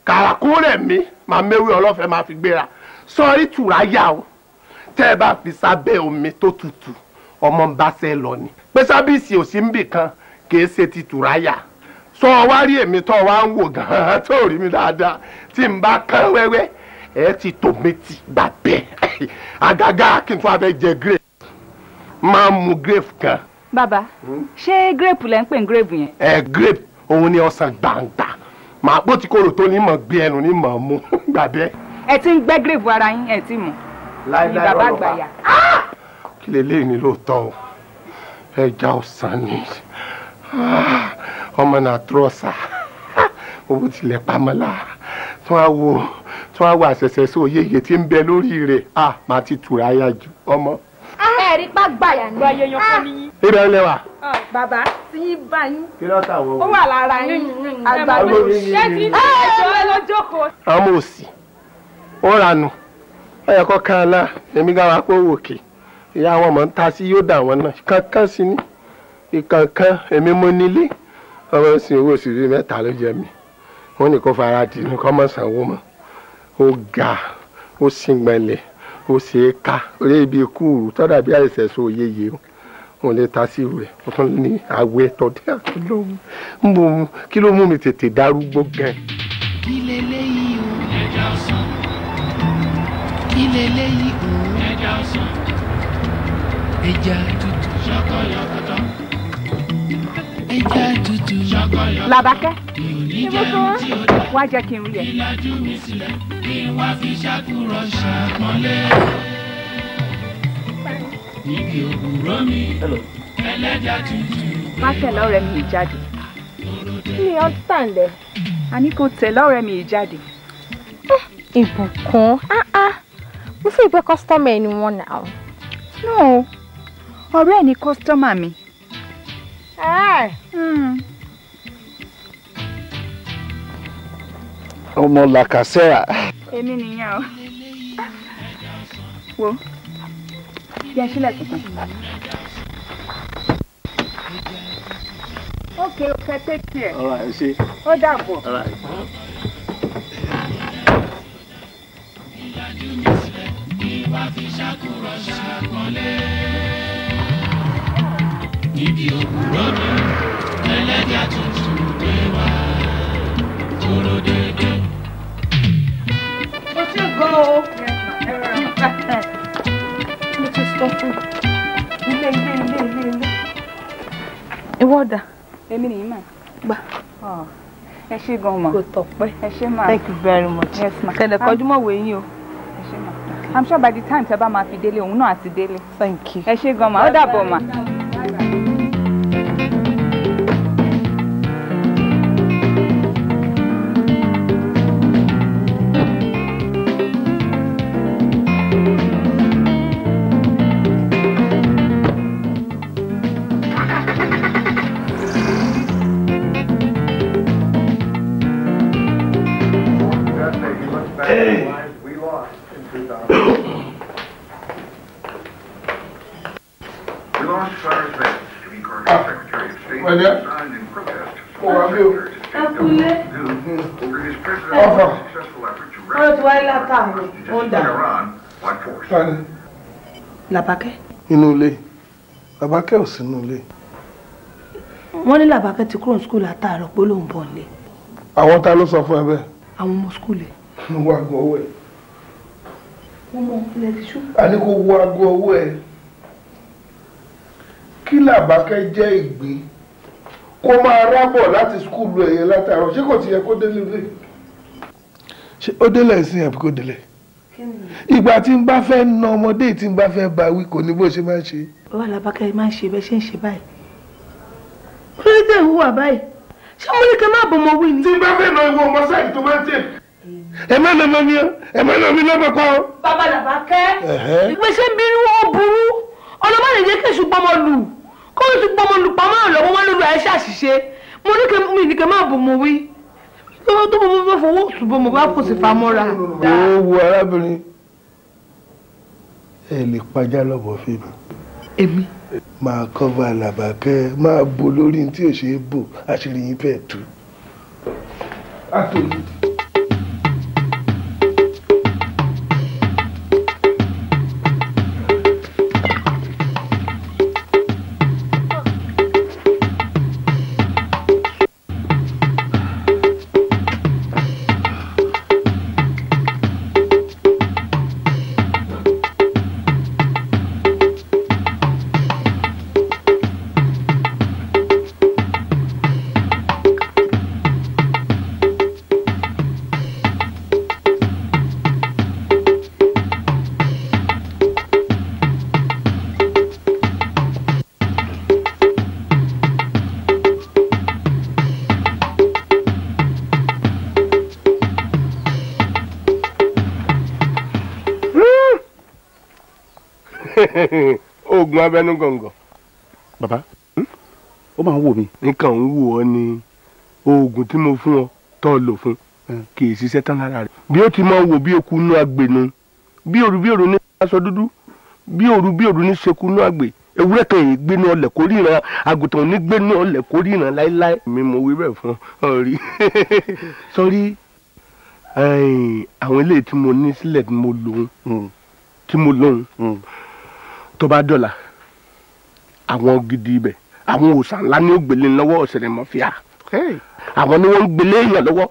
kàràkú rẹ̀ mí máa méwé ọlọ́fẹ́ máa fi gbéra sọ́rí tùráyà o tẹ́ ẹ bá fi sábẹ́ omi tó tutù ọmọ ń bá sẹ́ lọ ni pé sábìsì ò sí níbì kan kìí ṣe ti tùráyà sọ wá rí èmi tó wá ń wò gan-an tó rí mi dáadáa tí n bá kán wẹ́wẹ́ ẹ ti tòmẹ́tì gbàgbẹ́ àgàgà kí n tún abẹ́ jẹ grape máa mu grape kan Baba, hmm? ṣé grape lẹ́ ń pè ń grape yẹn. ẹ grape òun ni ọsàn gbàǹgbà màá pò tí kòrò tó ní mọ̀ gbé ẹnu ní mọ̀ mú gbàbẹ́. ẹ ti ń gbẹ́ grape ara yín ẹ ti mọ̀ ni bàbá àgbàyà. Ah! kí leléyìí ni lóòótọ́ o ẹja ọ̀sán ni ah! ọmọ náà trọ́sà owó tilẹ̀ pamọ́ la tún á wo tún á wo àṣẹṣẹ sí òye iye tí ń bẹ lórí rẹ̀ a ah! máa ti tura ayájú ọmọ. Ah. ẹ̀rí pa gbàyà ni. gbàyà èèyàn kan ah. níyìn. ìrẹ̀ olè wa. Ah, bàbá tí yín bá yín. kí ló tà wọ́n. ó wà lára yín. àgbàdo ṣé ti ní ẹjọ́ ẹ lójókòó. àwọn òsì ó ranù ẹ̀yẹ kọ́kàn alá èmi gáwa kó wòkè ìyá wọn mọ̀ ń ta sí yóò dà wọ́n náà kankan sí ni ìkankan èmi mú nílé ọmọ ìsìn owó oṣù bíi mẹ́ta ló jẹ mi wọ́n ní kó fara dì ní kọ́mọ̀sán owó mọ́ ó ga ó sì gbẹ̀lẹ̀ ó ṣe é ká orí ibi ikú tọ́dà bí àìsẹ̀ so yeye wọn lè ta sí rẹ̀ wọ́n tún ní àwẹ̀ tọ́dí àtúlọ́wọ́ ń bò ó kí ló mú mi tètè darúgbó gan. kí leléyìí o ẹja ọsàn kí leléyìí o ẹja ọsàn ẹja tútù ṣọkọyọkọ làbákẹ́ ibùsùn wá jẹ́ kí n rí ẹ. ìlàjú mi sílẹ̀ kí n wá fi ṣàkúrọ̀ ṣàpọ́nlé. níbi òwúrọ̀ mi ẹlẹ́jà tuntun. má tẹ̀lé ọ̀rẹ́ mi ìjáde. kí ni ọ́tàn lẹ̀? a ní kó tẹ̀lé ah, ah. ọ̀rẹ́ mi ìjáde. ìbùkún mo fi ìgbé kọ́sítọ́mù ẹ ni wọ́n nà ó. no ọ̀rẹ́ ẹ̀ ni kọ́sítọ́mà mi ọmọ làkàṣẹ́à. èmi nìyẹn o wo jẹ sílẹ̀ tuntun. ókè òkè tètè ẹ ó dàbọ̀. Ìdájú mi sílẹ̀ kí wá fi ṣàkúrọ̀ ṣàkọlé níbi òwúrọ̀ mi ẹlẹ́dàá tuntun dé wá tóró dédé. mo ti gbọ́ o mo ti sọ fún ilé ilé ilé ilé ilé. ìwọ ọ̀dà. èmi nìyí mà. gbà. ẹ ṣé gan ma. kò tọpẹ́. ẹ ṣé ma. thank you very much. yes ma. kẹ̀dẹ̀ kọjúmọ̀ wẹ̀ yín o. ẹ ṣé ma. i'm sure by the time tẹ́ bá máa fi délé òun náà á ti délé. thank you. ẹ ṣé gan ma ó dàbọ̀ ma. Bye -bye. làbákẹ́. inú ilé làbákẹ́ ò sínú ilé. wọ́n ní làbákẹ́ ti kúrò ní skul àtàárọ̀ pé lòun bọ̀ nílé. àwọn ta ló sọ fún ẹ bẹ́ẹ̀. àwọn ọmọ skul ẹ. mo wá aago ọwọ́ ẹ. wọ́n mọ ilẹ̀ ti ṣú. a ní kó wọ aago ọwọ́ ẹ. kí làbákẹ́ jẹ́ ìgbín kó máa rábọ̀ láti skul ẹ̀yẹ látàárọ̀ ṣé kò ti yẹ kó délé ilé. ṣé ó délé ẹ̀sìn àbí kò délé ìgbà tí n bá fẹ́ na ọmọdé tí n bá fẹ́ bá wí kò ní bó ṣe máa ṣe. wà lábákẹ́ máa ń ṣe bẹ́ẹ̀ ṣe ń ṣe báyìí kí ló dé ìhùwà báyìí ṣé mo ní kí n má bọ̀ mọ́ wí ni. tí n bá fẹ́ na ìwọ ọmọ sáì tó máa ń tẹ̀. ẹ má nà mọ́ mi o ẹ má nà mí lọ́bọ̀ kan. bàbá làbákẹ́ ìgbésẹ̀ ń bínú ó burú ọlọ́mọ lè jẹ́ kí èṣù gbọ́mọ lù kó èṣù gbọ́mọ lù pamọ́ ọ̀lọ́wọ́ lọ́wọ́ tó mo fẹ́ fọwọ́ ṣùgbọ́n mo bá kò sì fa mọ́ra. ó wo arábìnrin ẹ lè pajá lọ́bọ̀ fèmí. èmi. máa kọ́va làbàkẹ́ máa bo lórí tí ò ṣeé bò àṣírí yín fẹ́ẹ́ tú. àtòyí. oògùn abẹnú gọ̀ǹgọ̀. bàbá hmm? ó máa ń wò mí. nǹkan ń wò ọ ni oògùn tí mo fún ọ tọ́ lò fún eh. kì í ṣiṣẹ́ tán lára rẹ̀. bí ó ti máa wò bí eku inú agbènu bí òru bí òru ní aṣọ dúdú bí òru bí òru ní ṣekú inú àgbè ewúrẹ́ kan yìí gbénu ọlẹ̀ kó àgùntàn ní gbénu ọlẹ̀ kó láéláé. mi mo wí bẹ́ẹ̀ fún ọ rí sọrí àwọn eléyìí tí mo ní sílẹ̀ tí mo lòun hmm. tí mo lòun tó bá dọ̀la àwọn gidi ibẹ̀ àwọn òòsàn ńlá ni ó gbélé lọ́wọ́ ọ̀sẹ̀rẹ̀ mọ́fíà àwọn ni wọ́n ń gbélé èèyàn lọ́wọ́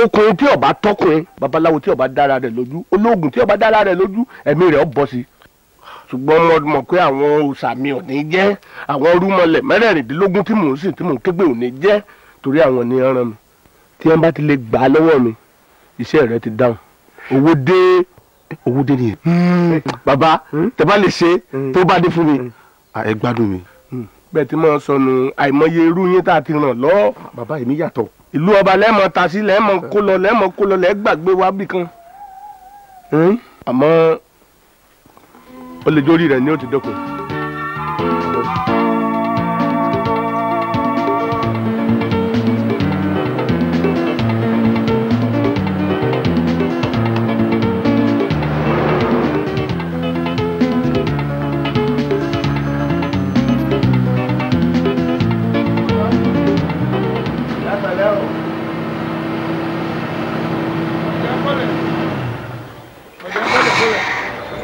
okùnrin tí ọba tọkùnrin babaláwo tí ọba dára rẹ̀ lójú olóògùn tí ọba dára rẹ̀ lójú ẹ̀mí rẹ̀ ó bọ́ sí i ṣùgbọ́n mo mọ̀ pé àwọn òòsà mi ò ní jẹ́ àwọn rúmọlẹ̀ mẹ́rẹ̀ẹ̀rìndínlógún tí mò ń sìn tí mò ń kégbè ò ní jẹ́ torí àwọn ni ẹran mi tí wọ́n bá ti lè gbà á lọ́wọ́ mi iṣẹ́ rẹ ti dáhùn owó dé owó dé nìyẹn. Hmm. Eh, bàbá hmm. tẹ bá lè ṣe hmm. tó bá dé fún mi ẹ gbádùn mi. bẹ́ẹ̀ tí mo sọnù àìmọye irú yín tá a ti ràn lọ́wọ́ bàbá èmi yàtọ̀ ìlú ọba lẹ́mọ̀ tasí lẹ́mọ̀ kó lọ lẹ́mọ̀ kó lọ lẹ́gbàgbé wa bì kan. àmọ́ olè jórí rẹ̀ ni ó ti dọ́kun.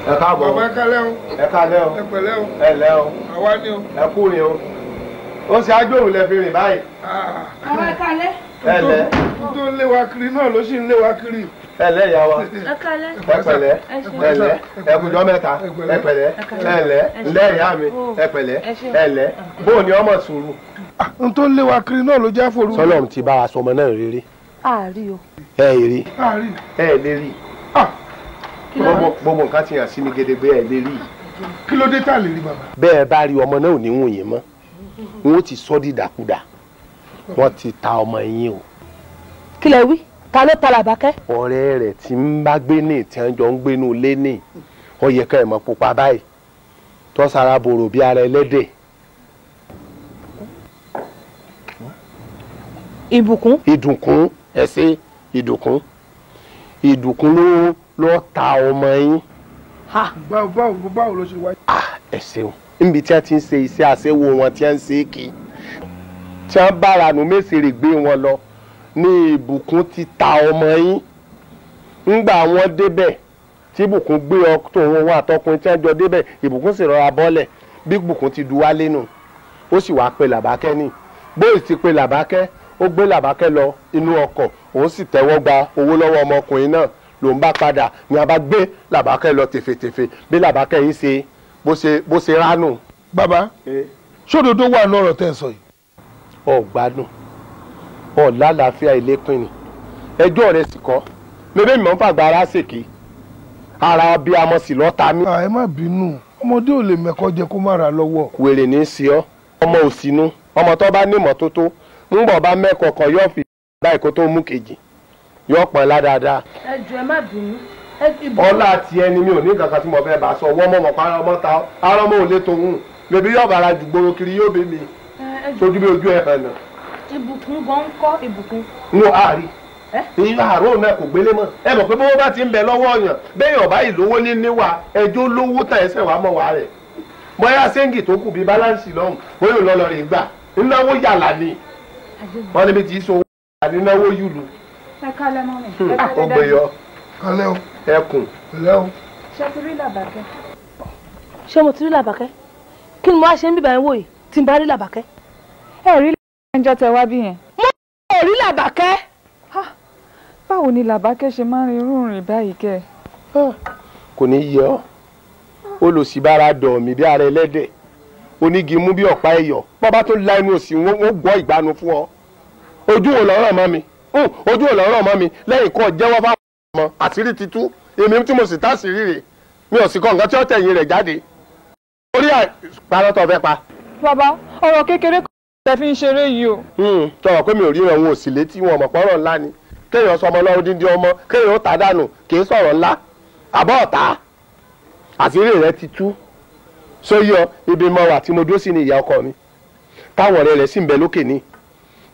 ẹ káàbọ̀ ọmọ ẹkálẹ́ o ẹkálẹ́ o ẹpẹ̀lẹ́ o ẹlẹ́ o àwa ni o ẹkùnrin o ó ṣe agbóhùn lẹ fi rìn báyìí. Ah. àwọn ẹkálẹ́. ẹlẹ́ tó ń lé wa kiri náà ló sì ń lé wa kiri. ẹlẹ́ ìyá wa ẹkálẹ́ ẹpẹ̀lẹ́ ẹlẹ́ ẹkùnjọ́ mẹ́ta ẹpẹ̀lẹ́ ẹlẹ́ ńlẹ́ ìyá mi oh. ẹpẹ̀lẹ́ ẹlẹ́ bóò ni ọmọ sùúrù. Ah, n tó ń lé wa kiri náà ló jẹ́ forú. sọlọ́run ti bá a sọmọ náà rere. àárí o. ẹ rí. àárí. ẹ lè rí. Ah gbọmọ nǹkan ti hàn sí mi gẹ́gẹ́ ẹ lè rí i. kí ló dé tá a lè rí bàbá. bẹ́ẹ̀ bá rí ọmọ náà ò ní wùn mọ́ wọn ti sọ dídàkudà wọn ti ta ọmọ yín o. kí lẹ wí ta ló ta làbákẹ́. ọ̀rẹ́ rẹ̀ tí ń bá gbé ní tí wọ́n jọ ń gbé ní ilé ní ó yẹ ká ẹ̀ mọ́ pupa báyìí tọ́sára bòrò bí ara ẹlẹ́dẹ̀. ìbùkún. ìdùnkún ẹ ṣe ìdùnkún ìdùnkún ló lọ ta ọmọ yín. báwo báwo báwo ló ṣe wáyé. Ah, ẹ ṣeun níbi tí wọ́n ti ń ṣe iṣẹ́ àṣewò wọn tí wọ́n ń ṣe é kí tí wọ́n bára nù mẹ́sẹ̀rẹ̀ gbé wọn lọ ní ìbùkún ti ta ọmọ yín ńgbà wọn débẹ̀ tí ìbùkún gbé ọtọ òun àtọkùnrin tí wọ́n jọ débẹ̀ ìbùkún sì rọra bọ́lẹ̀ bí ìbùkún ti du wálé nù ó sì wáá pe làbákẹ́ ní bóyì ti pe làbákẹ́ ó gbé làbákẹ́ lọ inú ọkọ̀ òun sì tẹ́wọ́ gba owó lọ́wọ́ ọmọkùnrin náà ló ń bá padà ni a bá gbé làbákẹ́ lọ tèfètèfè bí làbákẹ́ yìí ṣe bó ṣe bó ṣe ránù. bàbá ṣòdodo wà lọ́rọ̀ tẹ́ ẹ sọ yìí. ọ̀gbádùn ọ̀làlàáfíà ìlépin ni ẹjọ́ rẹ sì kọ́ mẹ́bẹ́ mi máa ń fàgbà ara ṣèké ara abiyamọ sì lọ́ọ́ ta mí. ẹ má bínú ọmọdé ò lè mẹ́kọ́ jẹ kó má ra lọ́wọ́. wèrè ní í ṣe ọ́ ọmọ òsínú ọmọ tó bá ní ìmọ́tótó ń bọ̀ bá mẹ́kọ̀ọ́ kan yóò báyìí kó tó mú kejì yọ pọn lá dáadáa. ẹ jù ẹ má bínú. ọlá ti ẹni mi ò ní kankan tí mo fẹ́ bá sọ wọ́n mọ̀ mọ̀ para ọmọ ta ara ọmọ ò lè tòun bèbí yóò bára ju gbòòrò kiri yóò bẹ mi sojú bí ojú ẹ fẹ́ nà. ìbùkún gan ń kọ́ ìbùkún. nù àárí ìyá àárọ̀ náà kò gbélé mọ́ ẹ mọ̀ pé bówó bá ti ń bẹ lọ́wọ́ ọ̀yàn bẹ́ẹ̀ ọ̀bá ìlówó ní níwà ẹjọ́ lówó tàn ẹsẹ̀ wàá mọ̀ wá rẹ̀ bóyá sẹ́ńgì tó kù bíi báláǹsì lọ́hùn bóyá ò lọ́lọ́ rè gbà ńnáwó yàlà ni wọ́n níbi tí í so owó yàlà ní náwó yùlù ẹ kálẹ́ mọ́ mi. Hmm. Ah, ó gbé yọ kálẹ́ o ẹkùn lẹ́ o. ṣé o ti rí làbàkẹ́. ṣé mo ti rí làbàkẹ́ kí ni mo wá ṣe ń bíbá ẹ wò yìí tí n bá rí làbàkẹ́. ẹ rí làbàkẹ́ ńjọ́ tẹ wá bí yẹn. mo ò rí làbàkẹ́. báwo ni làbàkẹ́ ṣe máa ń rin irú rìn báyìí kẹ́ ẹ. kò ní yẹ ọ olùsíbára dọ̀ mí bí ara ẹlẹ́dẹ̀ onígi mú bí ọ̀pá ẹ̀yọ̀ bọ́bá tó la ẹnu òsì wọn gbọ́ ìgbanu fún ọ ojú wo lọ́rọ̀ mọ́ mi ojú ọ̀lọ́rọ̀ mọ́ mi lẹ́yìn kọ́ jẹ́wọ́ fáwọn ọmọ àṣírí ti tú èmi tí mo sì tá sí rírè mi ò sì kọ́ nǹkan tí ó tẹ̀yìn rẹ̀ jáde orí àparọ́ tó fẹ́ pa. bàbá ọ̀rọ̀ kékeré kan tẹ fi ń ṣeré yìí o. Hmm, tọrọ pé mi ò rí ẹ̀hún òsì létí wọn ọmọ pọ́nrọ̀ ńlá ni kéèyàn sọmọ lọ́wọ́ dídí ọmọ kéèyàn ó tà dànù kì í sọ̀rọ̀ ńlá àbọ̀ ọ̀tá àṣírí rẹ̀ ti tú sóyọ ibi mọ́ra tí mo dúró sí ni ìyá ọkọ mi táwọn ọ̀rẹ́ rẹ̀ sì ń bẹ lókè ni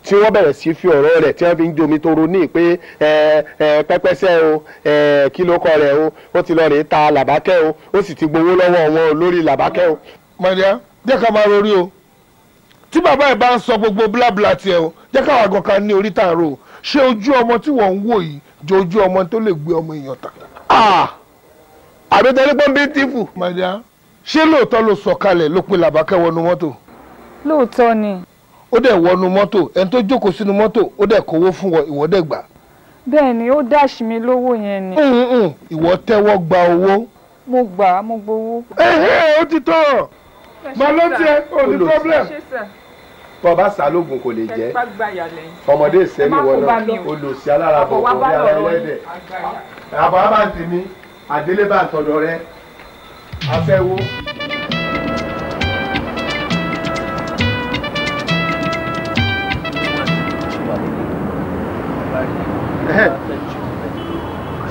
tí wọ́n bẹ̀rẹ̀ sí fi ọ̀rọ̀ rẹ̀ tí wọ́n fi ń jomi toro ní pé pẹ́pẹ́sẹ́ o kí ló kọ rẹ̀ o ó ti lọ rèé ta làbákẹ́ o ó sì ti gbowó lọ́wọ́ wọn lórí làbákẹ́ o. mọ̀nìyà jẹ́ ká máa rorí o tí bàbá ẹ̀ bá ń sọ gbogbo blabla tiẹ̀ o jẹ́ káwọn àgọ́ kan ní orí tààrọ̀ o ṣé ojú ọmọ tí wọ́n ń wò yìí jẹ́ ojú ọmọ tó lè gbé ọmọ èèyàn tà. àbẹ̀tẹ̀ nípa ó dẹ̀ wọnú mọ́tò ẹni tó jókòó sínú mọ́tò ó dẹ̀ kówó fún ìwọ dẹ̀ gbà. bẹ́ẹ̀ ni ó dáṣì mi lówó yẹn ni. ìwọ tẹ́wọ́ gba owó. mo gbà mo gbowó. ó ti tọ̀ mọ ló tiẹ̀ ò ní problem tọba sálógun kò lè jẹ ọmọdé ìsẹ́mi wọnà olùsí alárabọ̀ òní alẹ́lẹ́dẹ̀ àbọ̀ abáǹtì mi àdélébàǹtọ̀dọ̀ rẹ afẹ́wó.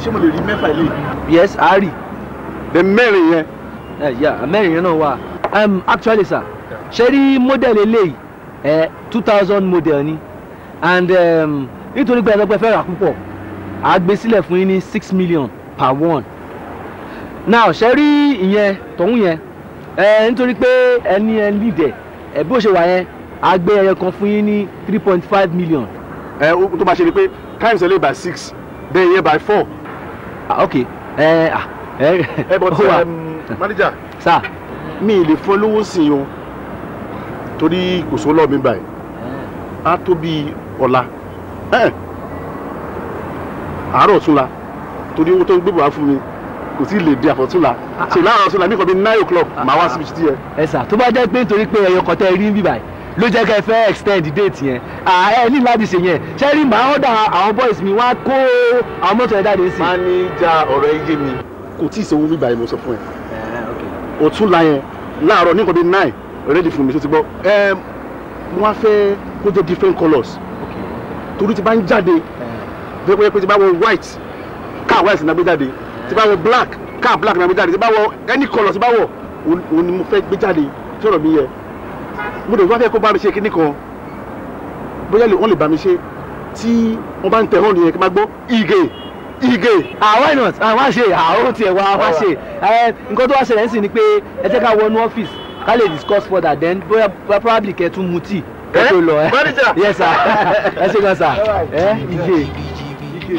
ṣé mo lè rí mẹ́fà ilé. yes a rí. the mẹ́rin yẹn. yeah mẹ́rin yẹn náà wà um, actually sir ṣe rí model eléyìí ẹ two thousand model ni and um, nítorí pé ẹgbẹ́ fẹ́ rà púpọ̀ a gbé sílẹ̀ fún yín ní six million per one now ṣe rí ìyẹn tọ̀hún yẹn ẹ nítorí pé ẹni ẹ nídẹ̀ ẹ bó ṣe wà yẹn a gbé ẹyẹ kan fún yín ní three point five million. ẹ tó bá ṣe ni pé times eléyìí by six then here by four. ah ok Eh. ah ẹ. Eh. ẹ eh, but um, manager. sir. mi ì lè fún lówó sí i o torí kò sówó lọ́ọ̀ mi báyìí á eh. tó bíi ọ̀la àárọ̀ ọ̀túnla torí owó tó ń gbé bọ̀ wá mi kò tí ì di àfọ̀túnla ah, ṣe ah. láàárọ̀ ọ̀túnla mi kàn bí nine o'clock màá wá ah, síbi títí yẹ. ẹ sà tó bá jẹ́ pé nítorí pé ẹyọ kan rí bíbáyìí ló jẹ́ kẹ́ fẹ́ extend date yẹn ẹ ní láti ṣe yẹn ṣẹ́rí màá ọ̀dà àwọn boys mi wá kó àwọn mọ́tò ẹ̀ jáde sí. máníjà ọ̀rọ̀ ẹ yé mi kò tí ì sọ owó bíbá yìí mo sọ fún ẹ òtún la yẹn láàárọ̀ ní nǹkan nine ready fún mi tó ti gbọ́ ẹ mo wá fẹ́ kó jẹ́ different colours torí ti bá ń jáde pé pé ti bá wọ white car white náà gbé jáde ti bá wọ black car black náà gbé jáde ti bá wọ any colour ti bá wọ òun ni mo fẹ́ gbé jáde sọ̀rọ̀ mi yẹ mo dẹ̀ wá fẹ́ kó bá mi ṣe kíní kan bóyá wọ́n lè bá mi ṣe tí wọ́n bá ń tẹ̀ nìyẹn kí n máa gbọ́ ìgè ìgè. àwa ìnà àwa ṣe àwọn ah, tiẹ̀ wá wá ṣe eh, nǹkan tó wá ṣẹlẹ̀ ń ni pé ẹ jẹ́ ká wọnú ọ́fíìsì ká lè discuss further then bóyá probably kẹ́ tún mu tíì kẹ́ eh? tó lọ. Eh. manager yes sir ẹ ṣe gan sir ìgè ìgè.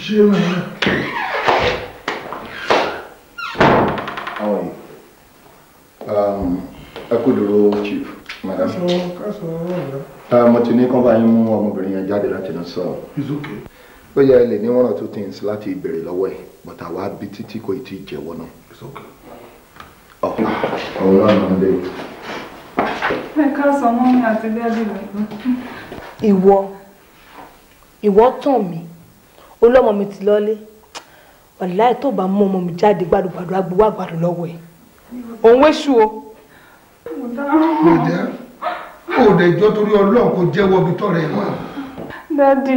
ṣé wàá. How are you? Um, Akuduro um, Chief, madam. Kaso, kaso, ọ̀la. Mo ti ní kán bá yín mú ọmọbìnrin yẹn jáde láti inú sọ. It's okay. Ó yẹ lè ní one or two things láti béèrè lọ́wọ́ ẹ̀, but àwa bí títí kò tí ì jẹ́wọ́ náà. It's okay. Ọ̀ oh, ah, ọ̀rọ̀ náà ló dé. Ẹ káàsán mọ́ mi àti dájú rẹ̀. Ìwọ, ìwọ tàn mí, olọ́mọ mi ti lọ́lé wàláì tó bá mú ọmọ mi jáde gbàdúgbàdú agbowó àgbàdo lọ́wọ́ ẹ̀ òun wéṣu o. kò jẹ́ kò dẹ̀ jọ́ torí ọlọ́run kò jẹ́wọ́ bí tọ́rẹ̀ ẹ̀ wá. dádì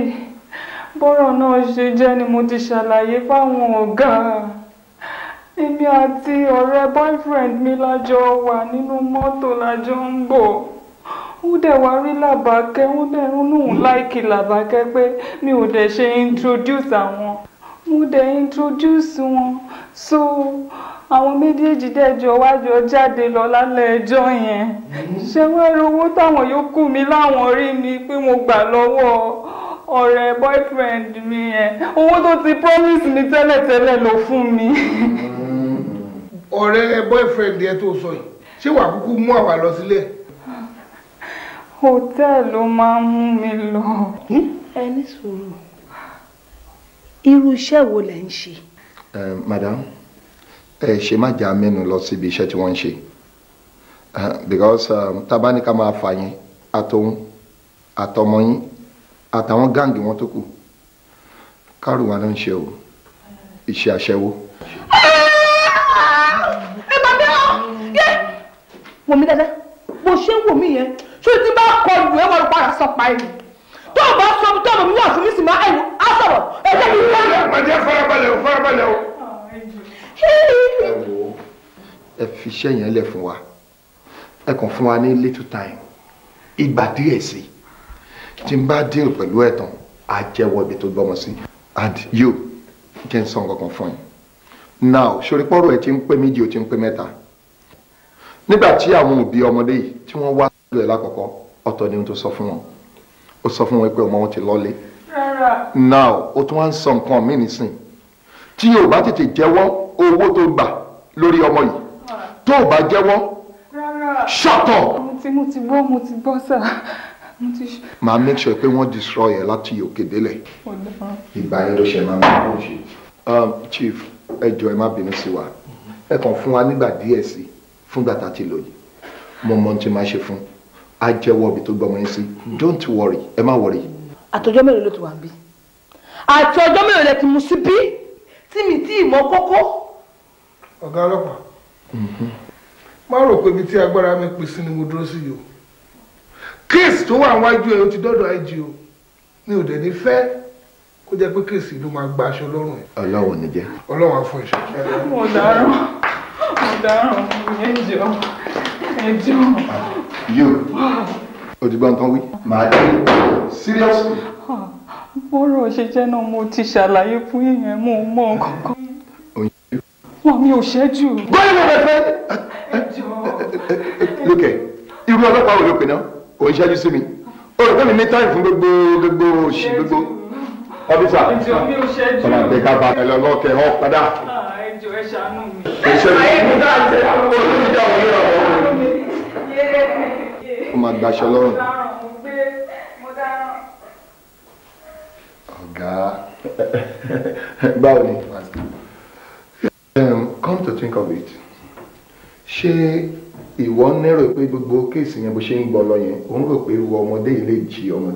bọ́rọ̀ náà ṣe jẹ́ ni mo ti ṣàlàyé fáwọn ọ̀gá èmi àti ọ̀rẹ́ boyfriend mi lájọ wà nínú mọ́tò lájọ ń bọ̀ ó dẹ̀ wá rí làbákẹ́ ó dẹ̀ ń nù láìkì làbákẹ́ pé mi ò dẹ̀ ṣe introduce àwọn mo dẹ̀ introduce wọn so àwọn méjèèjì dẹ̀jọ́ wájú jáde lọ lálẹ́ ẹjọ́ yẹn mm-hmm. ṣé wàá rí owó táwọn yòókù mi láwọn rí ni pé mo gbà lọ́wọ́ ọ̀rẹ́ boyfriend mi yẹn owó tó ti promise mi tẹ́lẹ̀tẹ́lẹ̀ ló fún mi. Mm-hmm. ọ̀rẹ́ boyfriend yẹn tó sọ yìí ṣé wàá kúkú mú àwa lọ sílé. hòtẹ́ẹ̀lì ló máa ń mú mi lọ. Hmm? ẹni sùúrù irú iṣẹ́ wo lẹ̀ ń ṣe. madam ẹ ṣe má jà mẹ́nu lọ síbi iṣẹ́ tí wọ́n ń ṣe because tábà ní ká máa fà yín àtòun àtọmọ yín àtàwọn gáǹgì wọn tó kù kárù wa ló ń ṣe o iṣẹ́ aṣẹ́wó. ẹ bá bẹ́ẹ̀ ọ́ yẹ wò mí dáadáa bó ṣe ń wò mí yẹn ṣé o ti bá kọlù ẹ wọ́n padà sọ pa ẹ̀ tó bá sọ tó mọ̀ mí wà fún mi sì máa ẹ̀wò á sọ̀rọ̀ ẹ̀jẹ̀ mi wọ́n yẹ. àpàdé farabalẹ̀ o farabalẹ̀ o. ẹ wo ẹ fi iṣẹ́ yẹn lẹ̀ fún wa ẹ kàn fún wa ní little time ìgbà díẹ̀ sí i tí n bá deal pẹ̀lú ẹ̀tàn á jẹ́wọ́ ibi tó gbọ́mọ sí and you jẹ́ n sọ nǹkan kan fún yín now sori pọ́rọ̀ ẹ̀ ti ń pé méjì ó ti ń pé mẹ́ta nígbà tí àwọn òbí ọmọdé yìí tí wọ́n wá lọ́dọ̀ ẹ̀ lákọ̀ọ́kọ́ ọ̀tọ̀ ni ohun tó sọ fún wọn ó sọ fún wọn pé ọmọ wọn ti lọ́lé now ó tún wá ń sọ nǹkan mí nísìn tí o bá tètè jẹ́wọ́ owó tó gbà lórí ọmọ yìí tó bá jẹ́wọ́ shut up. mo ti gbọ́ mo ti gbọ́ sà máa make sure pé wọ́n destroy ẹ̀ láti òkè ìgbà yẹn ló ṣe máa máa bọ̀ ṣe. chief ẹ ẹ má bínú sí wa ẹ kàn fún wa nígbà díẹ̀ sí fúngbà tá a ti lò yìí mo mọ ohun tí máa ṣe fún un á jẹ́wọ́ ibi tó gbọmọ yín sí don't worry ẹ má worry. àtọjọ́ mélòó ló ti wà ń bí àti ọjọ́ mélòó lẹ ti mú sí bí tí mi tí ì mọ kókó. ọ̀gá ọlọ́pàá mhm. má rò pé ibi tí agbára mi pè sí ni mo dúró sí yìí o kéèsì tó wà wájú ẹ o ti dọ́dọ̀ ig o mi ò dẹ̀ ní fẹ́ kó jẹ́ pé kéèsì ló máa gba aṣọ lọ́rùn ẹ̀. ọlọ́run ní ọlọ́run á fún ìṣẹ́. mo dáràn mo dáràn ẹjọ́ ẹjọ́ you. òdìgbọ́n tán wí. màá dé seriously. bọ́rọ̀ ṣe jẹ́ náà mo ti ṣàlàyé fún èèyàn mo mọ nǹkan kan. wọn mi ò ṣẹ́jú. báyìí ló rẹ fẹ́. lókè irú me. wo ló pè náà ò ń ṣẹ́jú sí mi olùkọ́ mi ní táyì fún gbogbo gbogbo òṣì gbogbo ọfíìsà ọmọ àgbẹ̀ká bá ah, ẹ lọ lọ́kẹ́ ọ̀ padà. ẹjọ ẹ ṣàánú mi. ẹ ṣàánú mi. máa gbaṣọ lọ́rùn. ọ̀gá báwo ni. come to think of it ṣé ìwọ ń lérò pé gbogbo kéèsì yẹn bó ṣe ń gbọ́ lọ yẹn ò ń rò pé wọ ọmọdé yìí lè jí ọmọ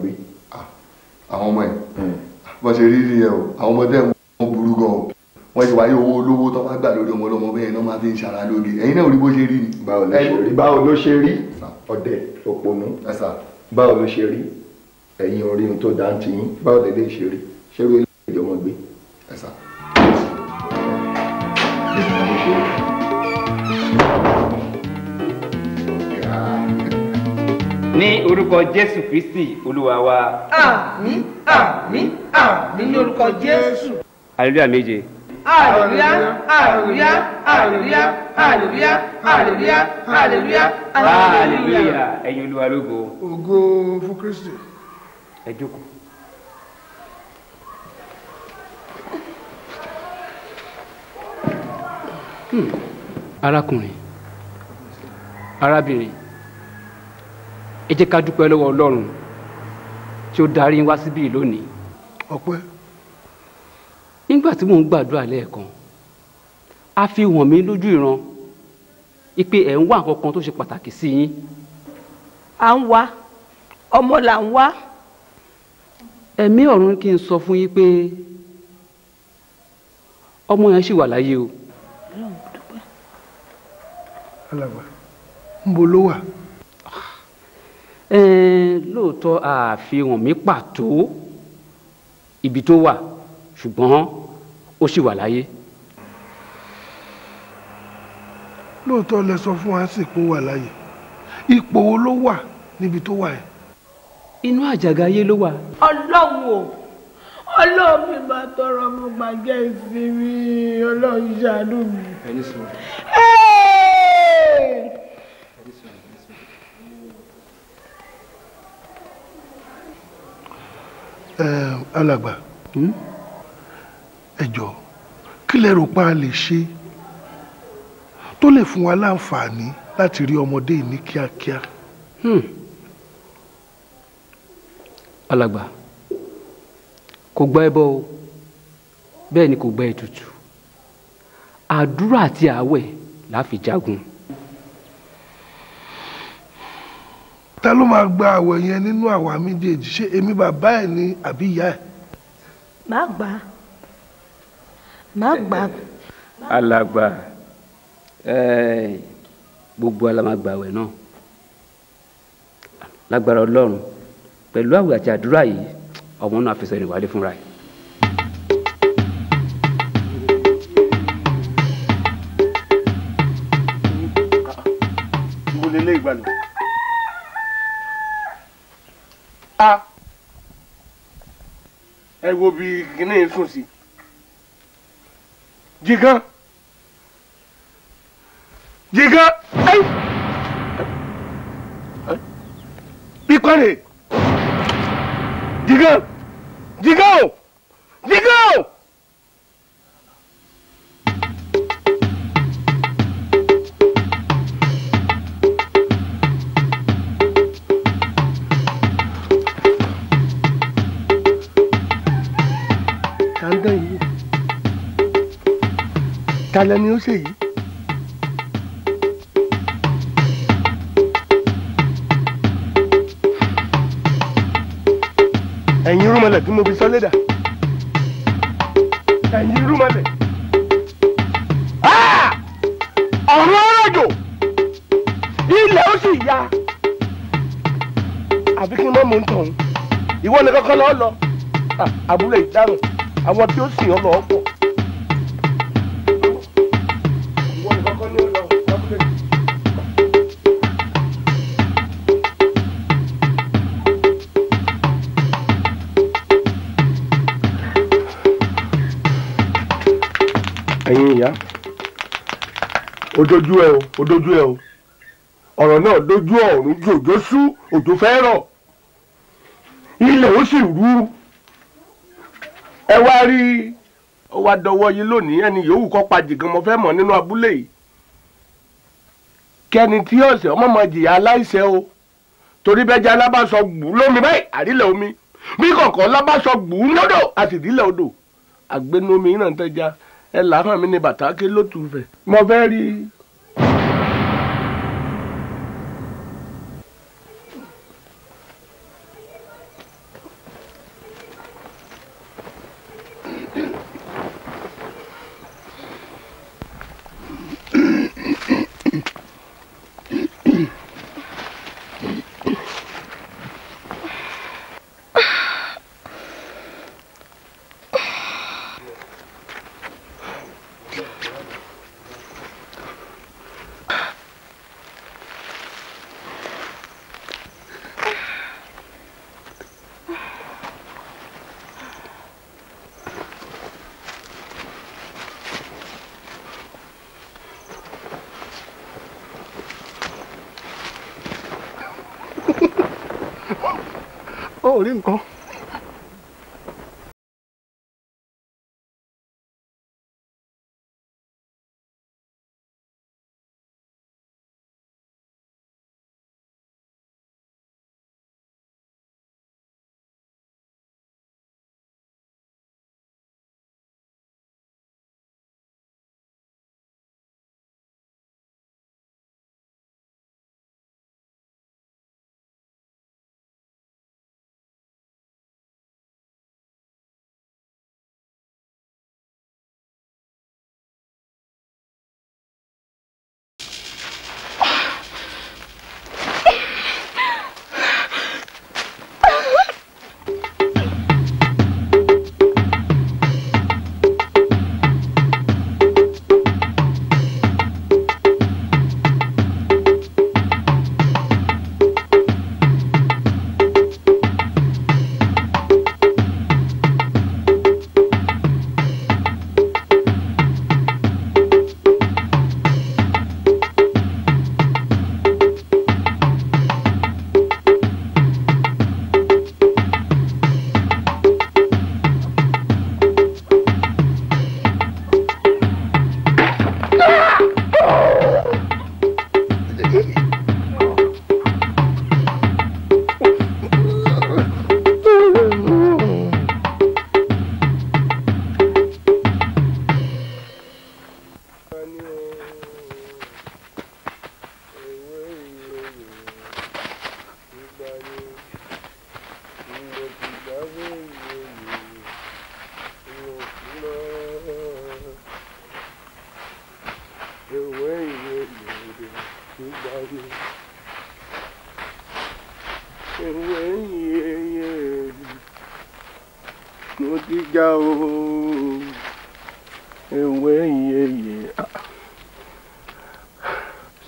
àwọn ọmọ ẹ hmm. bọ́n ṣe rí rí ẹ o àwọn ọmọdé ẹ mú burú gan o wọ́n ti wáyé owó olówó tó bá gbà lórí ọmọ ọlọ́mọ bẹ́ẹ̀ náà máa fi ń ṣara lórí ẹ̀yin náà rí bó ṣe rí ni. báwo ló ṣe rí ọ̀dẹ̀ òpònú báwo ló ṣe rí ẹ̀yin orí ohun tó dáa ti báwo lè lè ṣe rí ṣé wọ́n lè jọmọ gbé. ní orúkọ jésù kristi olúwa wa. àmín àmín àmín ní orúkọ jésù. aleluya méje hallelujah, hallelujah, hallelujah, hallelujah, hallelujah, hallelujah, hallelujah. ẹ̀yin olúwa lógo. ògo fún kristu. ẹ jókòó. Hmm, arákùnrin arábìnrin ẹ jẹ́ ká dúpẹ́ lọ́wọ́ ọlọ́run tí ó darí wá síbí lónìí. ọpẹ́. Okay nígbà tí mò ń gbàdúrà lẹ́ẹ̀kan a fi hàn mí lójú ìran ipe ẹ̀ ń wá nǹkan kan tó ṣe pàtàkì sí yín. à ń wá ọmọ là ń wá. ẹ̀mí ọ̀run kí n sọ fún yín pé ọmọ yẹn ṣì wà láyé o. alàgbà ń bo ló wà. lóòótọ́ àfihàn mi pàtó ibi tó wà ṣùgbọ́n ó sì wà láyé. lóòótọ́ lẹ sọ fún wa sí ipò wà láyé ipò wo ló wà níbi tó wà yẹn. inú àjàgà ayé ló wà. ọlọ́wọ́ ọlọ́run mi máa tọrọ mo gbàgbé ìsinmi ọlọ́run ṣàánú mi. alàgbà. Hmm? ẹ jọ̀ọ́ kí lẹ rò pa a lè ṣe tó lè fún wa láǹfààní láti rí ọmọdé yìí ní kíákíá. Hmm. alàgbà kò gba ẹbọ o bẹ́ẹ̀ ni kò gba ètùtù àdúrà àti ààwẹ̀ la fi jagun. ta ló máa gba ààwẹ̀ yẹn nínú àwa méjèèjì ṣé èmi bàbá ẹ̀ ni àbí ìyá ẹ̀. má gbà má gbà. alàgbà eh, gbogbo alamagbàwẹ̀ náà lágbára ọlọ́run pẹ̀lú àwẹ̀ àti àdúrà yìí ọmọ náà fẹsẹ̀ rìn wálé fúnra yìí. ilé ìgbàlù. ẹ wo bí kinní sùn sí. Diga! Diga! Ai! Picone! Diga! Digão! Digão! Anda aí. talẹ ni ó ṣèyí. ẹ̀yin rúmọlẹ̀ tí mo fi sọ́lé dà ẹ̀yin rúmọlẹ̀. Ah! ọ̀run ọ̀rọ̀jò ilẹ̀ ó sì ya àbí kí n mọ́ mo ń tọ̀hún ìwọ ni kankan lọ́ọ́ lọ ah, àbúrò ìdáhùn àwọn tí ó sì ń lọ́ọ́ pọ̀. ìyá ojojú ẹ o ojojú ẹ o ọ̀rọ̀ náà dojú ọ̀run ju òjò sú òjò fẹ́ rọ̀ ilẹ̀ ó sì rú ẹ wá rí ó wá dọwọ́ yín lónìí ẹni yòówù kọ́ pa jìgàn mo fẹ́ mọ̀ nínú abúlé yìí kẹ́ni tí ọ̀sẹ̀ ọmọ mọ jìyà aláìṣẹ̀ o torí bẹ́jà alábàṣọ gbùú lómi báyìí àrílẹ̀ omi bí kọ̀ọ̀kan lábàṣọ gbùú lódò àtìdílẹ̀ odò àgbẹnumi náà tẹ́já ẹ làárọ̀ mi ni bàtà ké lótùfẹ̀ mo fẹ́ rí 我连过。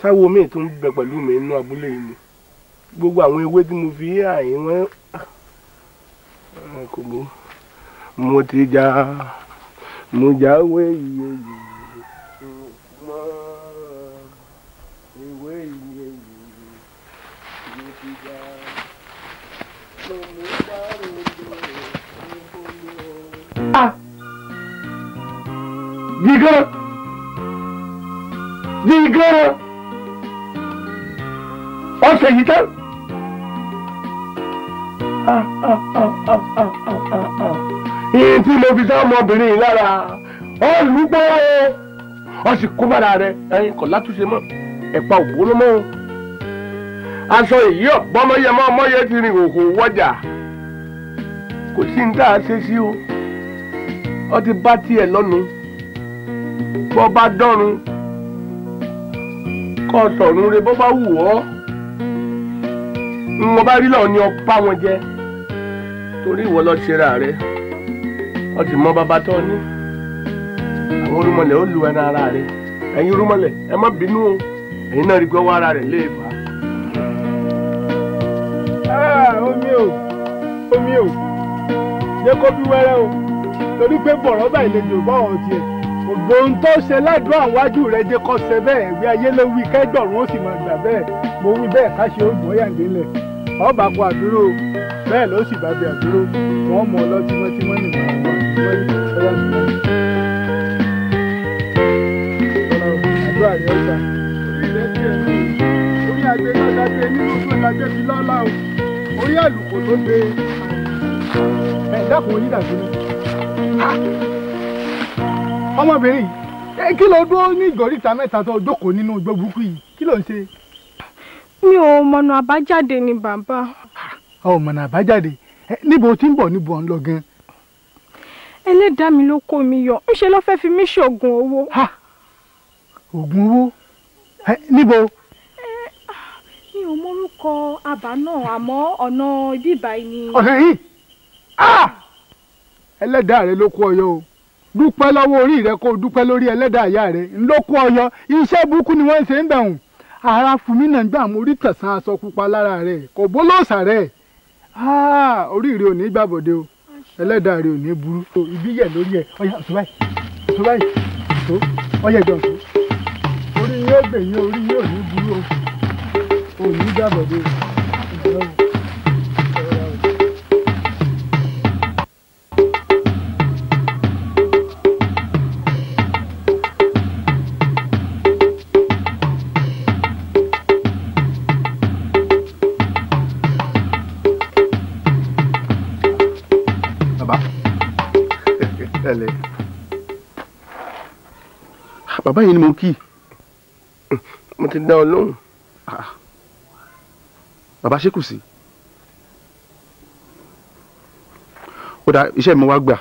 aláwo míì tó ń bẹ pẹ̀lú mi nínú abúlé yìí ni gbogbo àwọn ewé tí mo fi àyín wọn ah, kò bó mo ti jà mo jáwé iye yìí mọ ewé iye yìí mo ti jà mo mú dárò lọ. Jigoro! Ah! Jigoro! ọ̀sẹ̀ yìí tán. ikú ló fi sáwọn ọmọbìnrin yìí lára olùgbò ọ̀sìn kó bára rẹ ẹyin kò látúnṣe mọ́ ẹ̀pà òwò ló mọ́ o aṣọ èyí ọ̀gbọ́mọyẹmọ ọmọye ti rìn òhò wọ́jà kò sí ní tá a ṣe sí o ọ ti bá tiẹ̀ lọ́nu bọ́ bá dọ́run kọ́ sọ̀run re bọ́ bá wù ọ́. mo bá rí wọn jẹ torí ìwọ lọ ṣe ra rẹ ọ mọ bàbá tó àwọn ó lu ara rẹ ẹ̀yin irúmọlẹ̀ ẹ má bínú o náà ara rẹ ah, omi o omi o jẹ́ kó bí o torí pé bọ̀rọ̀ báyìí lè dùn bọ́ọ̀ tiẹ̀ ògbóhun tó ṣe ládùú àwájú rẹ ìwé ayé ló ó sì máa gbà ọba kọ àdúró bẹ́ẹ̀ ló sì bá bí àdúró wọ́n mọ ọlọ́tí wọ́n tí wọ́n nìkan wọ́n wọ́n yí ọlá mi náà. àdúrà rẹ̀ ọ̀gá. orí àgbẹ̀ náà dájú ẹni tó lajẹ́ fi lọ́la o orí àlùkò tó gbé ẹ̀ dákun onídàgbé náà. ọmọbìnrin kí ló dúró ní ìgọ̀ríta mẹ́ta tó jókòó nínú igbó yìí kí ló ń ṣe. mi ò mọ̀nà àbájáde ni bàbá. ọ mọ̀nà àbájáde níbo tí ń bọ̀ níbo ń lọ gan. ẹlẹ́dàá mi ló kó mi yọ ńṣe ló fẹ́ fi mí ṣoògùn owó. oògùn owó níbo. mi ò mórúkọ àbá náà àmọ́ ọ̀nà ibi ìbàyí ni. ọ̀nà yìí ẹlẹ́dàá rẹ ló kó ọ yọ o dúpẹ́ lọ́wọ́ orí rẹ kó o dúpẹ́ lórí ẹlẹ́dàá ìyá rẹ ńlọ́kọ́ ọyọ iṣẹ́ burúkú ni wọ́n ń ṣe ń bẹ̀rùn. ara fún mi náà gbà mo rí tẹ̀sán aṣọ pupa lára rẹ̀ kò bólóòsà rẹ̀ ah, oríire ò ní gbàbọ̀dé o ẹlẹ́dàá rẹ̀ ò ní burú. ibi yẹ̀ lórí ẹ̀ ọyà ọ̀tún báyìí ọ̀tún báyìí ọ̀tún ọyà ìjọ ọ̀tún orí yóò gbẹ̀yìn orí yóò ní burú o ò ní gbàbọ̀dé o. bàbá yìí ni mo kì í. mo ti dá ọ lóhùn. Ah. bàbá ṣé kù sí. ó dá iṣẹ́ mi wá gbà.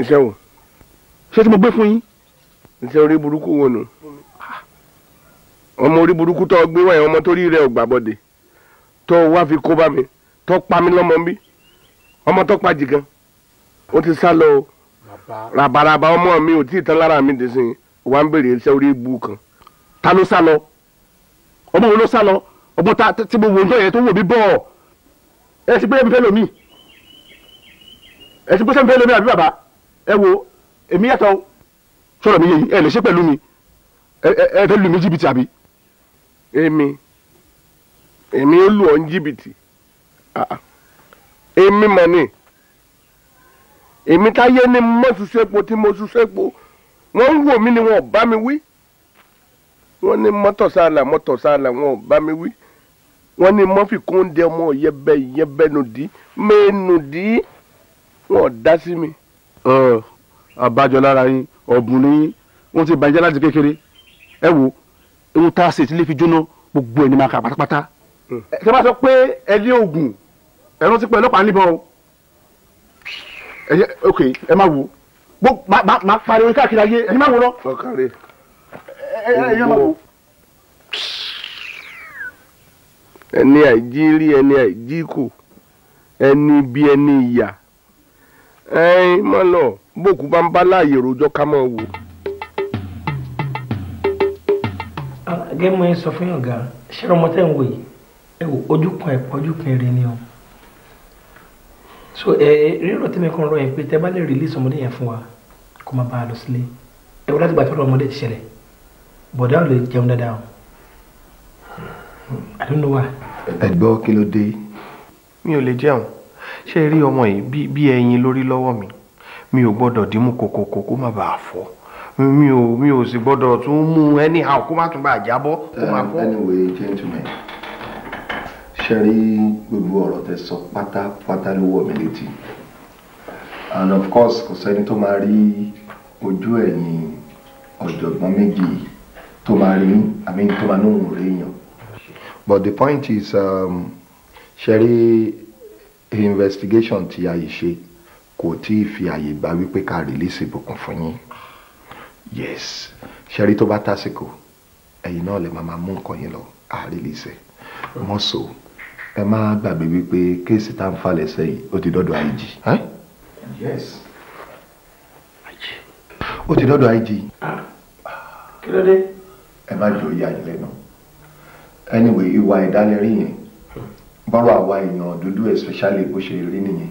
iṣẹ́ wo. iṣẹ́ tí mo gbé fún yín. iṣẹ́ orí burúkú wo nù. ọmọ orí burúkú tó gbé wáyé ọmọ tó rí rẹ ò gbàbọdè tó wá fi kó bá mi tó pa mí lọ́mọ bí ọmọ tó pa jì gan ó ti sá lọ o rabaraba ọmọ mi ò tí ì tán lára mi dìsìn wà ń bèrè iṣẹ́ orí ibu kan ta ló sá lọ ọmọ wo ló sá lọ ọmọ ta tí mo wò ń tọ́ yẹn tó wò mí bọ̀ ẹ ti pé mi fẹ́ lomi ẹ ti pé sẹ́mi fẹ́ lomi àbí bàbá ẹ wo èmi yàtọ̀ sọ̀rọ̀ mi yẹ yìí ẹ lè ṣe pẹ̀lú mi ẹ ẹ fẹ́ lu mi jìbìtì àbí èmi èmi ó lù ọ́ ní jìbìtì ah, ah. èmi mọ̀ ni èmi táyé ni mo ṣuṣẹ́ epo tí mo ṣuṣẹ́ epo wọ́n ń wò mí ni wọ́n bá mi wí wọ́n ní mọ́tọ̀ sáàlà mọ́tọ̀ sáàlà wọ́n bá mi wí wọ́n ní mọ́fì kóńdé ọmọ yẹbẹ yẹbẹ nùdí mẹ́nùdí wọ́n dá sí mi. àbájọ lára yín ọ̀bùn ni wọ́n ti bàjẹ́ láti kékeré ẹ wo ewu tá a ṣe ìtìlẹ́ fi jóná gbogbo ẹ̀ ní máa kà pátápátá. ẹ mm. bá sọ pé ẹ lé oògùn ẹ rántí pé ọlọ́pàá níbọn o ẹyẹ ok ẹ má wo gbogbo ma ma pariwo káàkiri ayé ẹ̀yin má wo lọ. ọkàrẹ ẹyẹ má wo. ẹni àìjí rí ẹni àìjí kù ẹni bí ẹni ìyà ẹ̀yin mọ lọ bókú bá ń bá láàyè rojọ́ ká mọ wò. gẹ́gẹ́ mo ń sọ fún yàn gan ṣé ọmọ tẹ́ ń wò yìí ẹ wò ojú kan ẹ̀pọ̀ ojú kan èrè ni o so ẹ rírọ̀ tẹ́mi kan rọ yẹn pé tẹ́ bá lè release ọmọdé yẹn fún wa kó má bàa lọ sílé ẹ wọ́n láti gbà tọ́lọ́ ọmọdé ti ṣẹlẹ̀ bọ̀dá ò lè jẹun dáadáa o hmm, I don't know why. ẹ gbọ́ kí ló dé. mi ò lè jẹun ṣé rí ọmọ yìí bí ẹyin lórí lọ́wọ́ mi mi ò gbọ́dọ̀ dìímú kòkòkò kó má bàa fọ́ mi ò mi ò sì gbọ́dọ̀ tún mú anyhow kó má tún bàa jábọ́ kó má um, fọ́. anyway gentleman ṣẹ́rí gbogbo ọ̀rọ̀ tẹ sọ pátápátá ló wọ̀ mí létí and of course kò sẹ́ni tó máa rí ojú ẹ̀yìn ọ̀jọ̀gbọ́n méjì tó máa rí àmì tó máa ní òun réèyàn. but the point is ṣẹ́rí um, investigation tí a yìí ṣe kò tí ì fi àyè gbà wípé ká release ìbùkún fún yín yes ṣẹ́rí tó bá tásìkò ẹ̀yin náà lè máa mú nǹkan yín lọ à release mọ́sọ̀ọ́ ẹ má gbàgbé wípé kéèsì tá à ń falẹ̀ sẹ́yìn ó ti dọ́dọ̀ IG. ó ti dọ́dọ̀ IG. Ah. kí ló dé. ẹ má jọ yí àyè lẹ́nu anyway ìwà ìdálẹ́rí yẹn bọ́rọ̀ àwa èèyàn dúdú especially bó ṣe rí nìyẹn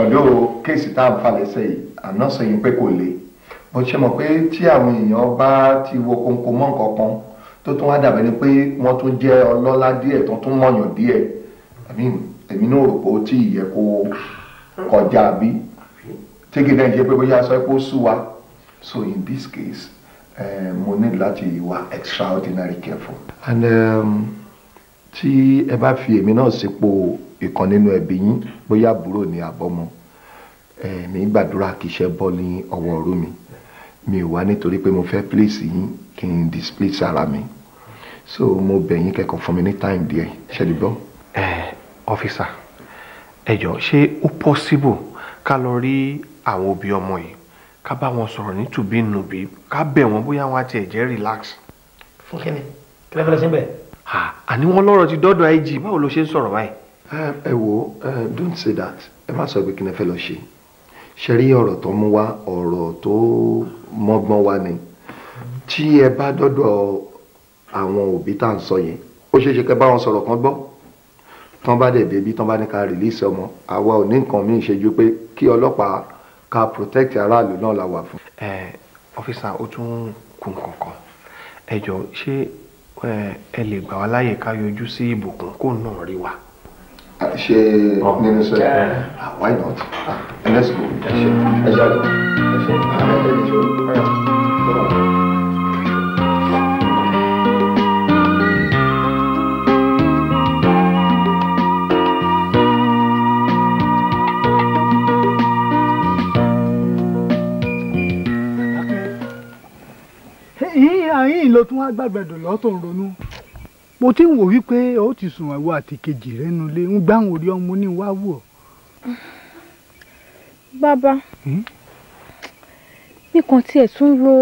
ọ̀dọ́ kéèsì tá à ń falẹ̀ sẹ́yìn àná sẹ́yìn pé kò le bó ṣe mọ̀ pé tí àwọn èèyàn bá ti wo kónkó mọ́ nǹkan kan tó tún wá dàbẹ̀ ni pé wọ́n tún jẹ́ ọlọ́lá díẹ̀ tó tún mọ̀yàn díẹ̀ èmi náà rò pé ó tí ì yẹ kó kọjá bí tíkì náà jẹ́ pé bóyá sọ pé ó sú wa so in this case eh, mo ní láti wà extraordinary careful. and um, tí ẹ bá fi èmi náà sípò ìkan nínú ẹbí yín bóyá àbúrò ní àbọ̀mọ́ èmi eh, gbàdúrà kí iṣẹ́ bọ́ ní ọwọ́ ọ̀rú mi mi ò wá nítorí pé mo fẹ́ pílèsì yín kí n display sára mi so mo bẹ̀ yín kẹ́kọ̀ọ́ fún mi ní time díẹ̀ ṣẹ́ni gbọ́. ẹ ọfíìsà ẹ jọ ṣé ó possible ká lọ rí àwọn òbí ọmọ yìí ká bá wọn sọ̀rọ̀ ní ká bẹ̀ wọ́n bóyá wọn á tiẹ̀ jẹ́ relax. fún kíni kí lè fẹ́rẹ̀ sí bẹ́ẹ̀. àní wọn lọ́rọ̀ ti dọ́dọ̀ ig báwo ló ṣe ń sọ̀rọ̀ báyìí. ẹ wo don't say that ẹ má sọ pé kí ni ẹ fẹ́ lọ ṣe ṣe rí ọ̀rọ̀ tó mú wá ọ̀rọ̀ tó mọ́gbọ́n wá ni tí ẹ bá dọ́dọ̀ àwọn òbí tá à ń sọ yẹn ó ṣeé ṣe kẹ́ bá wọn sọ̀rọ̀ kan gbọ́ tán bá dẹ̀ bèbí tán bá ní ká rìlíìsì ọmọ àwa ò ní nǹkan míì ṣe ju pé kí ọlọ́pàá ká protect aráàlú náà la wà fún. ẹ ọfíìsà ó tún kù kankan ẹ jọ ṣé ẹ lè gbà wá láàyè ká yọjú sí ìbùkún kó náà rí wa. ṣe nínú sọ ah, why not ah, ẹ lẹ́sìn ẹ ṣe ẹ ṣe àjọ ẹ ṣe àjọ ẹ ṣe. ló tún wá gbàgbẹ́dọ̀ lọ́tọ̀ ronú mo ti ń wò wípé ó ti sùn àwọ àti kejì rẹ nulẹ̀ ń gbá àwọn orí ọmọ ní wá wò. bàbá nìkan hmm? tiẹ̀ tún ro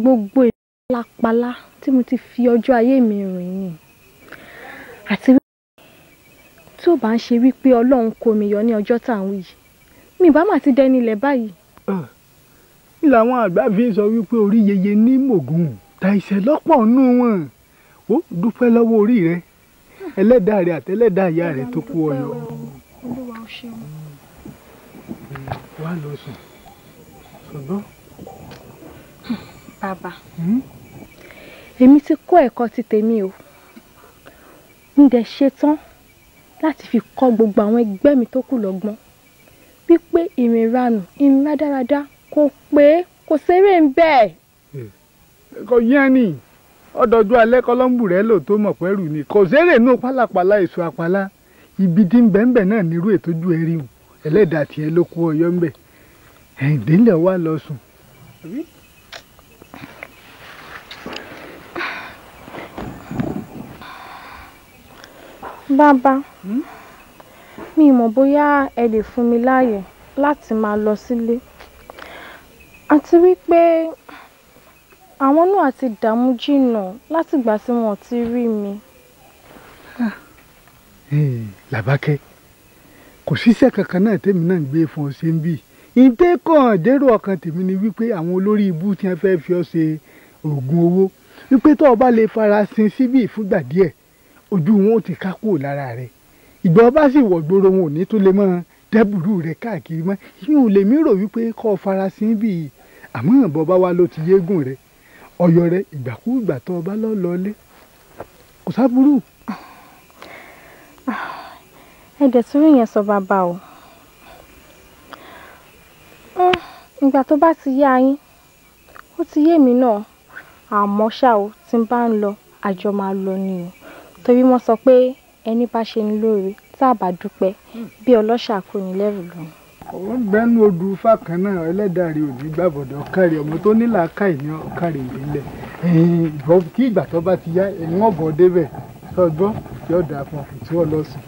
gbogbo ìpalapala tí mo ti fi ọjọ́ ayé mi rìn ni àti tí ò bá ń ṣe wípé ọlọ́run kó mi yọ ní ọjọ́ tá à ń wí yìí mi ìbá mà ti dẹni ilẹ̀ báyìí. Ah, ní làwọn àgbà fi ń sọ wípé orí yeye ní mògùn ta ìṣẹ̀lọ́pọ̀ nù wọn ó dúpẹ́ lọ́wọ́ orí rẹ ẹlẹ́dàá rẹ àtẹlẹ́dàá ìyá rẹ tó kú ọyọ. wà lọ sùn ṣùgbọ́n. bàbá hmm? èmi ti kọ́ ẹ̀kọ́ ti tèmi o ń dẹ̀ ṣetán láti fi kọ́ gbogbo àwọn ẹgbẹ́ mi tó kù lọ́gbọ́n wípé ìrìn ranù ìrìn rádáradá kò pé kò ṣeré ń bẹ́ẹ̀ kò yẹn ni ọdọọdọ alẹ́ kọlọmbù rẹ lò tó mọ pẹrù ni kò sérè nù pálapàla èso àpàlà ibi tí ń bẹ́ẹ̀ náà nírú ètòjú ẹ ríhùn ẹlẹ́dàá tiẹ̀ ló kú ọyọ́ ńbẹ̀ ẹ̀ǹdínlẹ̀ wà lọ sùn. bàbá hmm? mi mọ̀ bóyá ẹ lè fún mi láàyè láti máa lọ sílé àti wípé àwọn náà ti dààmú jìnnà látìgbà tí wọn ti rí mi. Hmm, làbákẹ́ kò síṣẹ́ kankan náà tèmi náà ń gbé fún ọ ṣe ń bì ìtẹ́kàn dérò ọkàn tèmi ni wípé àwọn olórí ibú tí wọ́n fi ọ ṣe oògùn owó wípé tó o bá lè farasin síbì fúngbà díẹ̀ ojú wọn ò ti ká kúrò lára rẹ̀ ìgbà ọba sì wọ̀ gbòòrò wọn ò ní tó lè mọ́ dẹ́bùrú rẹ̀ káàkiri mọ́ yín ò lè mí rò wípé kọ́ farasin bì àmọ́ ìbọn bá wa ló ti yégùn rẹ̀ ọyọ rẹ ìgbàkúùgbà tó o bá lọ lọlé kò sábúrú. ẹ̀dẹ̀ tún rí yẹn sọ bàbá o ìgbà tó bá ti yá yín ó ti yé mi náà àmọ́ ṣá o tí n bá ń lọ àjọ máa lọ ni o torí wọ́n sọ pé ẹni bá ṣe ni lóore tá a bá dúpẹ́ hmm. bí ọlọ́ṣà kò ní lẹ́rù lọ́nà ó ń bẹnu odù fákan náà ẹlẹ́dàrí òní gbàbọ̀dọ̀ kárí ọmọ tó ní làákàì ní kárí ìbílẹ̀ kí ìgbà tó bá ti yá ẹ̀wọ̀n ọ̀bọ̀ débẹ̀ tọ́gbọ́n yóò dà fún ọ̀fìn tí wọ́n lọ sùn.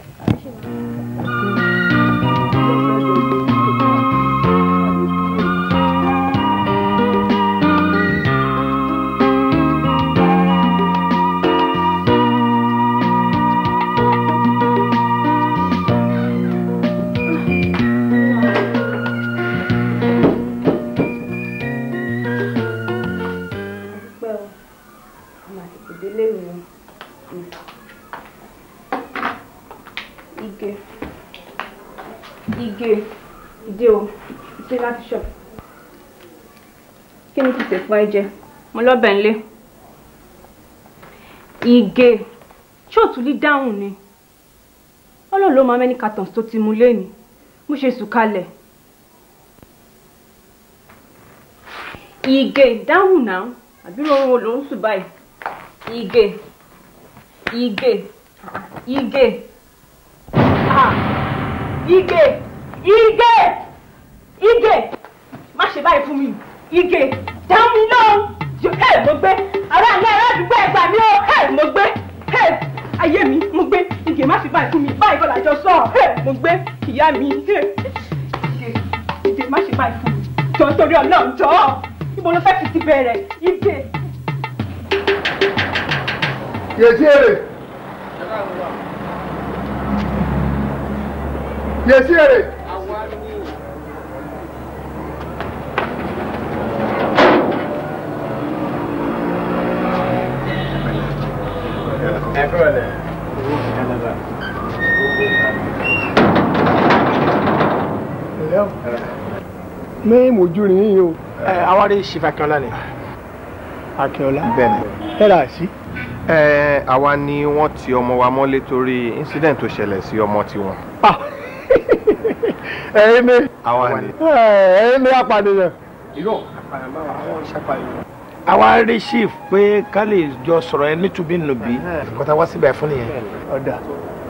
ẹ jẹ mo lọ́bẹ̀ ńlé ìgè ṣóòtú dáhùn ni ọlọ́run ló máa mẹ́ni cartons tó ti mu léèní mo ṣe sùn kalẹ̀ ìgè dáhùn náà àbí lóorun ló ń sùn báyìí ìgè ìgè ìgè ìgè ìgè ìgè má ṣe báyìí fún mi. Ìgè dáhùn náà ẹ mo gbé ará ní ará àdúgbò ẹgbà mi ó ẹ mo gbé ẹ ayé mi mo gbé Ìgè má fi báyìí fún mi báyìí bọ́lá jọ sọ ẹ mo gbé ìyá mi Ìgè Ìgè má ṣe báyìí fún mi jọ torí Ọlọ́run jọ ibo ló fẹ́ fi ti bẹ̀rẹ̀ Ìgè. Yèsí èrè. Yèsí èrè. ẹ kúrò lẹ owó mi náà lọ́la owó mi náà. ní mojú ni yín o. ẹ awárí ṣìfà akínọlá ni. akínọlá bẹ́ẹ̀ni. ẹ rà sí. ẹ àwa ni wọ́n ti ọmọ wa mọ́lé torí incident tó ṣẹlẹ̀ sí ọmọ tiwọn. Ah. ẹ̀yin ni. àwa ni. ẹ̀yin ni apànìyàn. irọ́ apànìyàn báwa àwọn ìṣàpàyàn àwa rí chief pé ká lè jọ sọ̀rọ̀ ẹ nítubí nùbí kọ́tà wá síbẹ̀ fún nìyẹn. ọ̀dà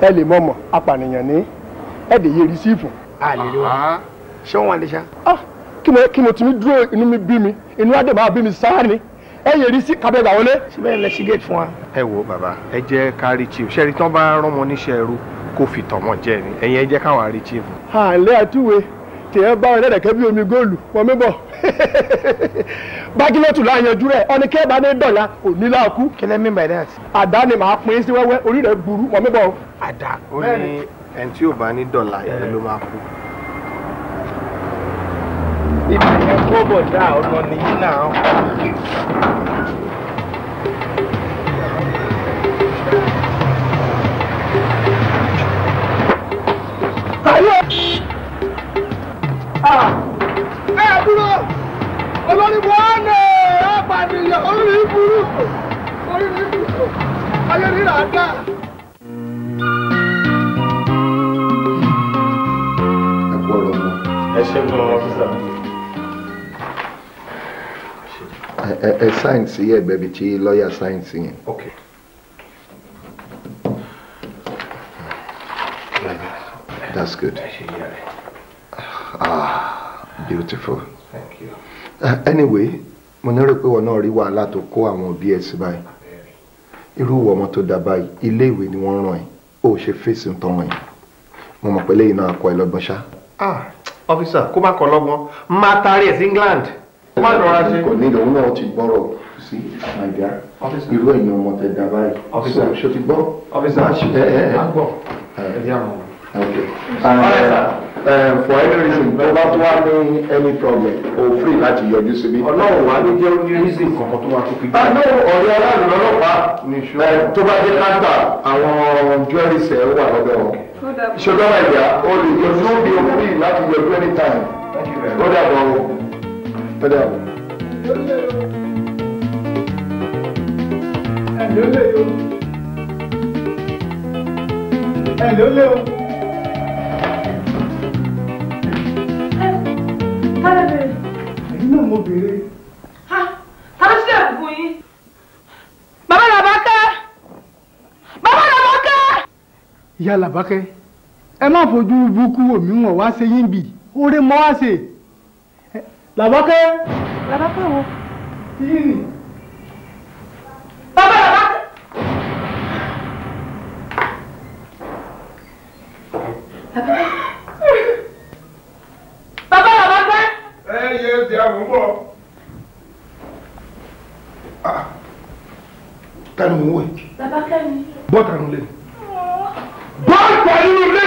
ẹ lè mọ̀mọ̀ apànìyàn ní ẹ lè yẹ rìsíìfù. a lè rí wọn ṣé wọn wà lè ṣá. Ah, kí mo kí mo ti mi dúró inú mi bí mi inú adé máa bí mi sáà ni ẹ yẹ rí sí kábẹ́ gbà wọlé. síbẹ̀ lẹ sí gate fún wa. ẹ wo bàbá ẹ jẹ́ ká chief ṣẹ́ni tán bá rán mọ níṣẹ́ ẹrú kó fi tọ̀mọ̀ jẹ́ ni ẹ̀yin ẹ jẹ́ káwọn rí chief. àlẹ́ àtúwèé tèèyàn bá wọn lẹ́dẹ̀kẹ́ bí omi góòlù wọn mi bọ̀ bákílẹ̀tù la yanjú rẹ̀ ọ̀ni kẹ́ẹ̀bá ní dọ̀la òní láàkú. kílẹ̀ mi by that. àdá ni màá pín sí wẹ́wẹ́ orí rẹ̀ burú wọn mi bọ̀. àdá ó ní ẹni tí ò bá ní dọ̀la ẹni ló máa kú. ibi yẹn kó bọ̀ dá ọ̀nà nìyí náà. Ayé! ẹ dúró olórí buhari apànìyàn orí burúkú orí burúkú ayé rírà dáa. ẹ ṣe gan ọfíìsà. ẹ ẹ sáyẹnsì yẹ ẹgbẹ́ bíi ti lọ́ọ̀yà sáyẹnsì yẹn. That's good. Ah, beautiful. Thank you. Uh, anyway, mo ní rò pé wọn náà rí wàhálà tó kó àwọn òbí ẹ sí báyìí. Irú ọmọ tó dà báyìí, ilé ìwé ni wọ́n ràn ẹ́, ó ṣe fèsì tọrọ ẹ̀. Mo mọ̀ pé lẹ́yìn náà ẹ lọ́gbọ́n ṣá. Ah, officer, kó má kọ lọ́gbọ́n, máa taari ẹ̀ sí England. Má lọ́ra ṣe. Kò ní ìdòwú náà ti gbọ́rọ̀ sí Nàìjíríà. Irú ẹ̀yin ọmọ tẹ dà báyìí. Ọfíìsà, ṣo ti gbọ́? Ọfíìsà, eh, eh, eh. ẹ ẹ ẹ. Àgbọ̀, ẹ Uh, uh, for any reason tó bá tó wá ní any problem o free láti yọjú síbí. ọlọ́run wa ló jẹ́ ní reason kankan tó wá tó fi gbé. àná ah, ọ̀rẹ́ aláàlú lọ́lọ́pàá eh, tó bá dé káńtà àwọn jewelries ẹ̀ wà lọ́dọ̀ ìṣòdọ́ ẹ̀yà o lè yọjú bí o free láti yọjú anytime. ó dàbọ̀ o ó dàbọ̀. ẹ̀ ló lé o ẹ̀ ló lé o. Bálẹ̀bẹ̀. Èyí náà mo béèrè. Ha! Ta ló sílẹ̀ fún yín? Bàbá Làbákẹ́! Bàbá Làbákẹ́! Ìyá Làbákẹ́, ẹ má fojú burúkú wò mí wá ṣe yín bì. Oore mọ́ wá ṣe. Làbákẹ́. Làbákẹ́ wo? Yìí Bàbá Làbákẹ́. Làbákẹ́. mú bọ̀. Ah, tani mò ń wẹ̀. bàbá kẹ́mi. bọ́ọ̀tà ń lé. bọ́ọ̀tà ń lé.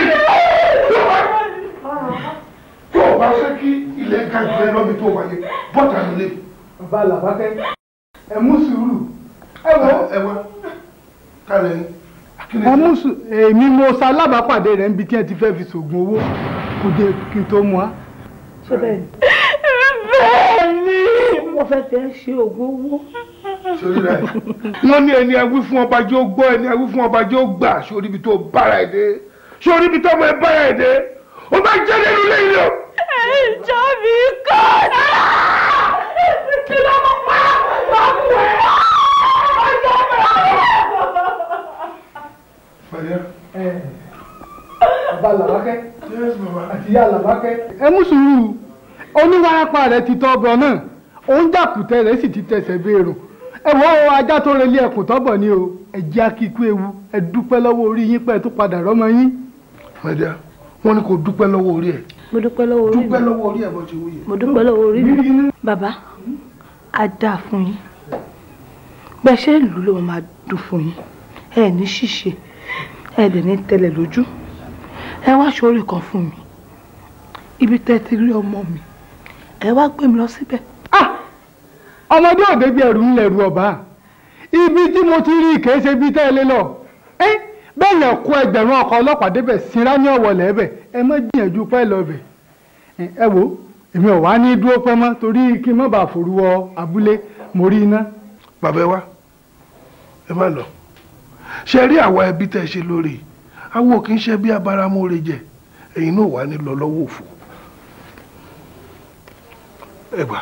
tó o bá fẹ́ kí ilé ń ka jùlọ lọ́bi tó wáyé bọ́ọ̀tà ń lé. bàbá làbákẹ́ ẹ mú sùúrù ẹ wọ ẹ wọ kálẹ̀ yín ẹ mú èmi mo sa alábàápàdé rẹ̀ níbi tí ẹ ti fẹ́ fi ṣògùn owó kò dé kí n tó mú wa. ṣé bẹ́ẹ̀ ni ó fẹ́ tẹ́ ṣe ògùn owó. wọ́n ní ẹni ẹwí fún ọba jẹ́ ó gbọ́ ẹni ẹwí fún ọba jẹ́ ó gbà sórí ibi tó bára ẹ̀ dé sórí ibi tọ́mọ ẹ bára ẹ̀ dé ó bá jẹ́ nínú lẹ́yìn o. ìjọ mi kọ́ ni. kí ló mọ̀ pa ọkùnrin ọjọ́ mi. fàyà. bàbá làbákẹ́ àti ìyá làbákẹ́. ẹ mú sùúrù oníwàápa rẹ ti tọ ọgbọ náà òun jàpùtẹ́ rẹ̀ sì ti tẹsẹ̀ béèrò ẹ̀wọ́ ajá tó relé ẹkùn tọ́bọ̀ ni o ẹ̀jẹ̀ akíkú ewu ẹ dúpẹ́ lọ́wọ́ orí yín pẹ́ tó padà rọ́mọ yín. mẹ́díà wọ́n ní kò dúpẹ́ lọ́wọ́ orí ẹ̀. mo dúpẹ́ lọ́wọ́ orí mi dúpẹ́ lọ́wọ́ orí ẹ̀ bó ti wúyẹ. mo dúpẹ́ lọ́wọ́ orí mi bàbá a dáa fún yín bẹ́ẹ̀ ṣe ìlú ló máa dùn fún yín ẹ ní ṣìṣe ẹ dẹ̀ ní tẹ́lẹ̀ lójú ẹ wá ṣoore kan fún mi ibi tẹ́ ti rí ọmọ mi ẹ wá gbé mi lọ síbẹ̀ ọmọdé òde bí ẹrù ńlẹ̀ ẹrù ọ̀bá ibi tí mo ti rí kìí ṣe bí tẹ́ ẹ lé lọ bẹ́ẹ̀ yẹn kó ẹgbẹ̀rún ọkọ̀ ọlọ́pàá débẹ̀ sinra ní ọ̀wọ̀ lẹ́ẹ̀bẹ̀ ẹ má gbìyànjú pẹ́ lọ́bẹ̀ ẹ wo èmi ò wá ní dúró pẹ́ mọ́ torí kí n má bàa forúwọ abúlé mo rí iná. bàbá ẹ wá ẹ má lọ ṣe rí àwa ẹbí tẹ́ ẹ ṣe lórí àwọn kì í ṣe bí abáramóore jẹ ẹ̀yin náà wà ní lọ lọ́wọ́ òfò ẹ gbà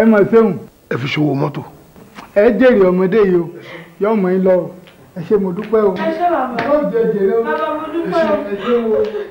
ẹ mọ̀ sẹ́hùn. ẹ fi ṣòwò mọ́tò. ẹ jèrè ọmọdé yìí o yóò mọ̀ ń lọ ẹ ṣé mo dúpẹ́ o. ẹ ṣé bàbá bàbá mo dúpẹ́ o.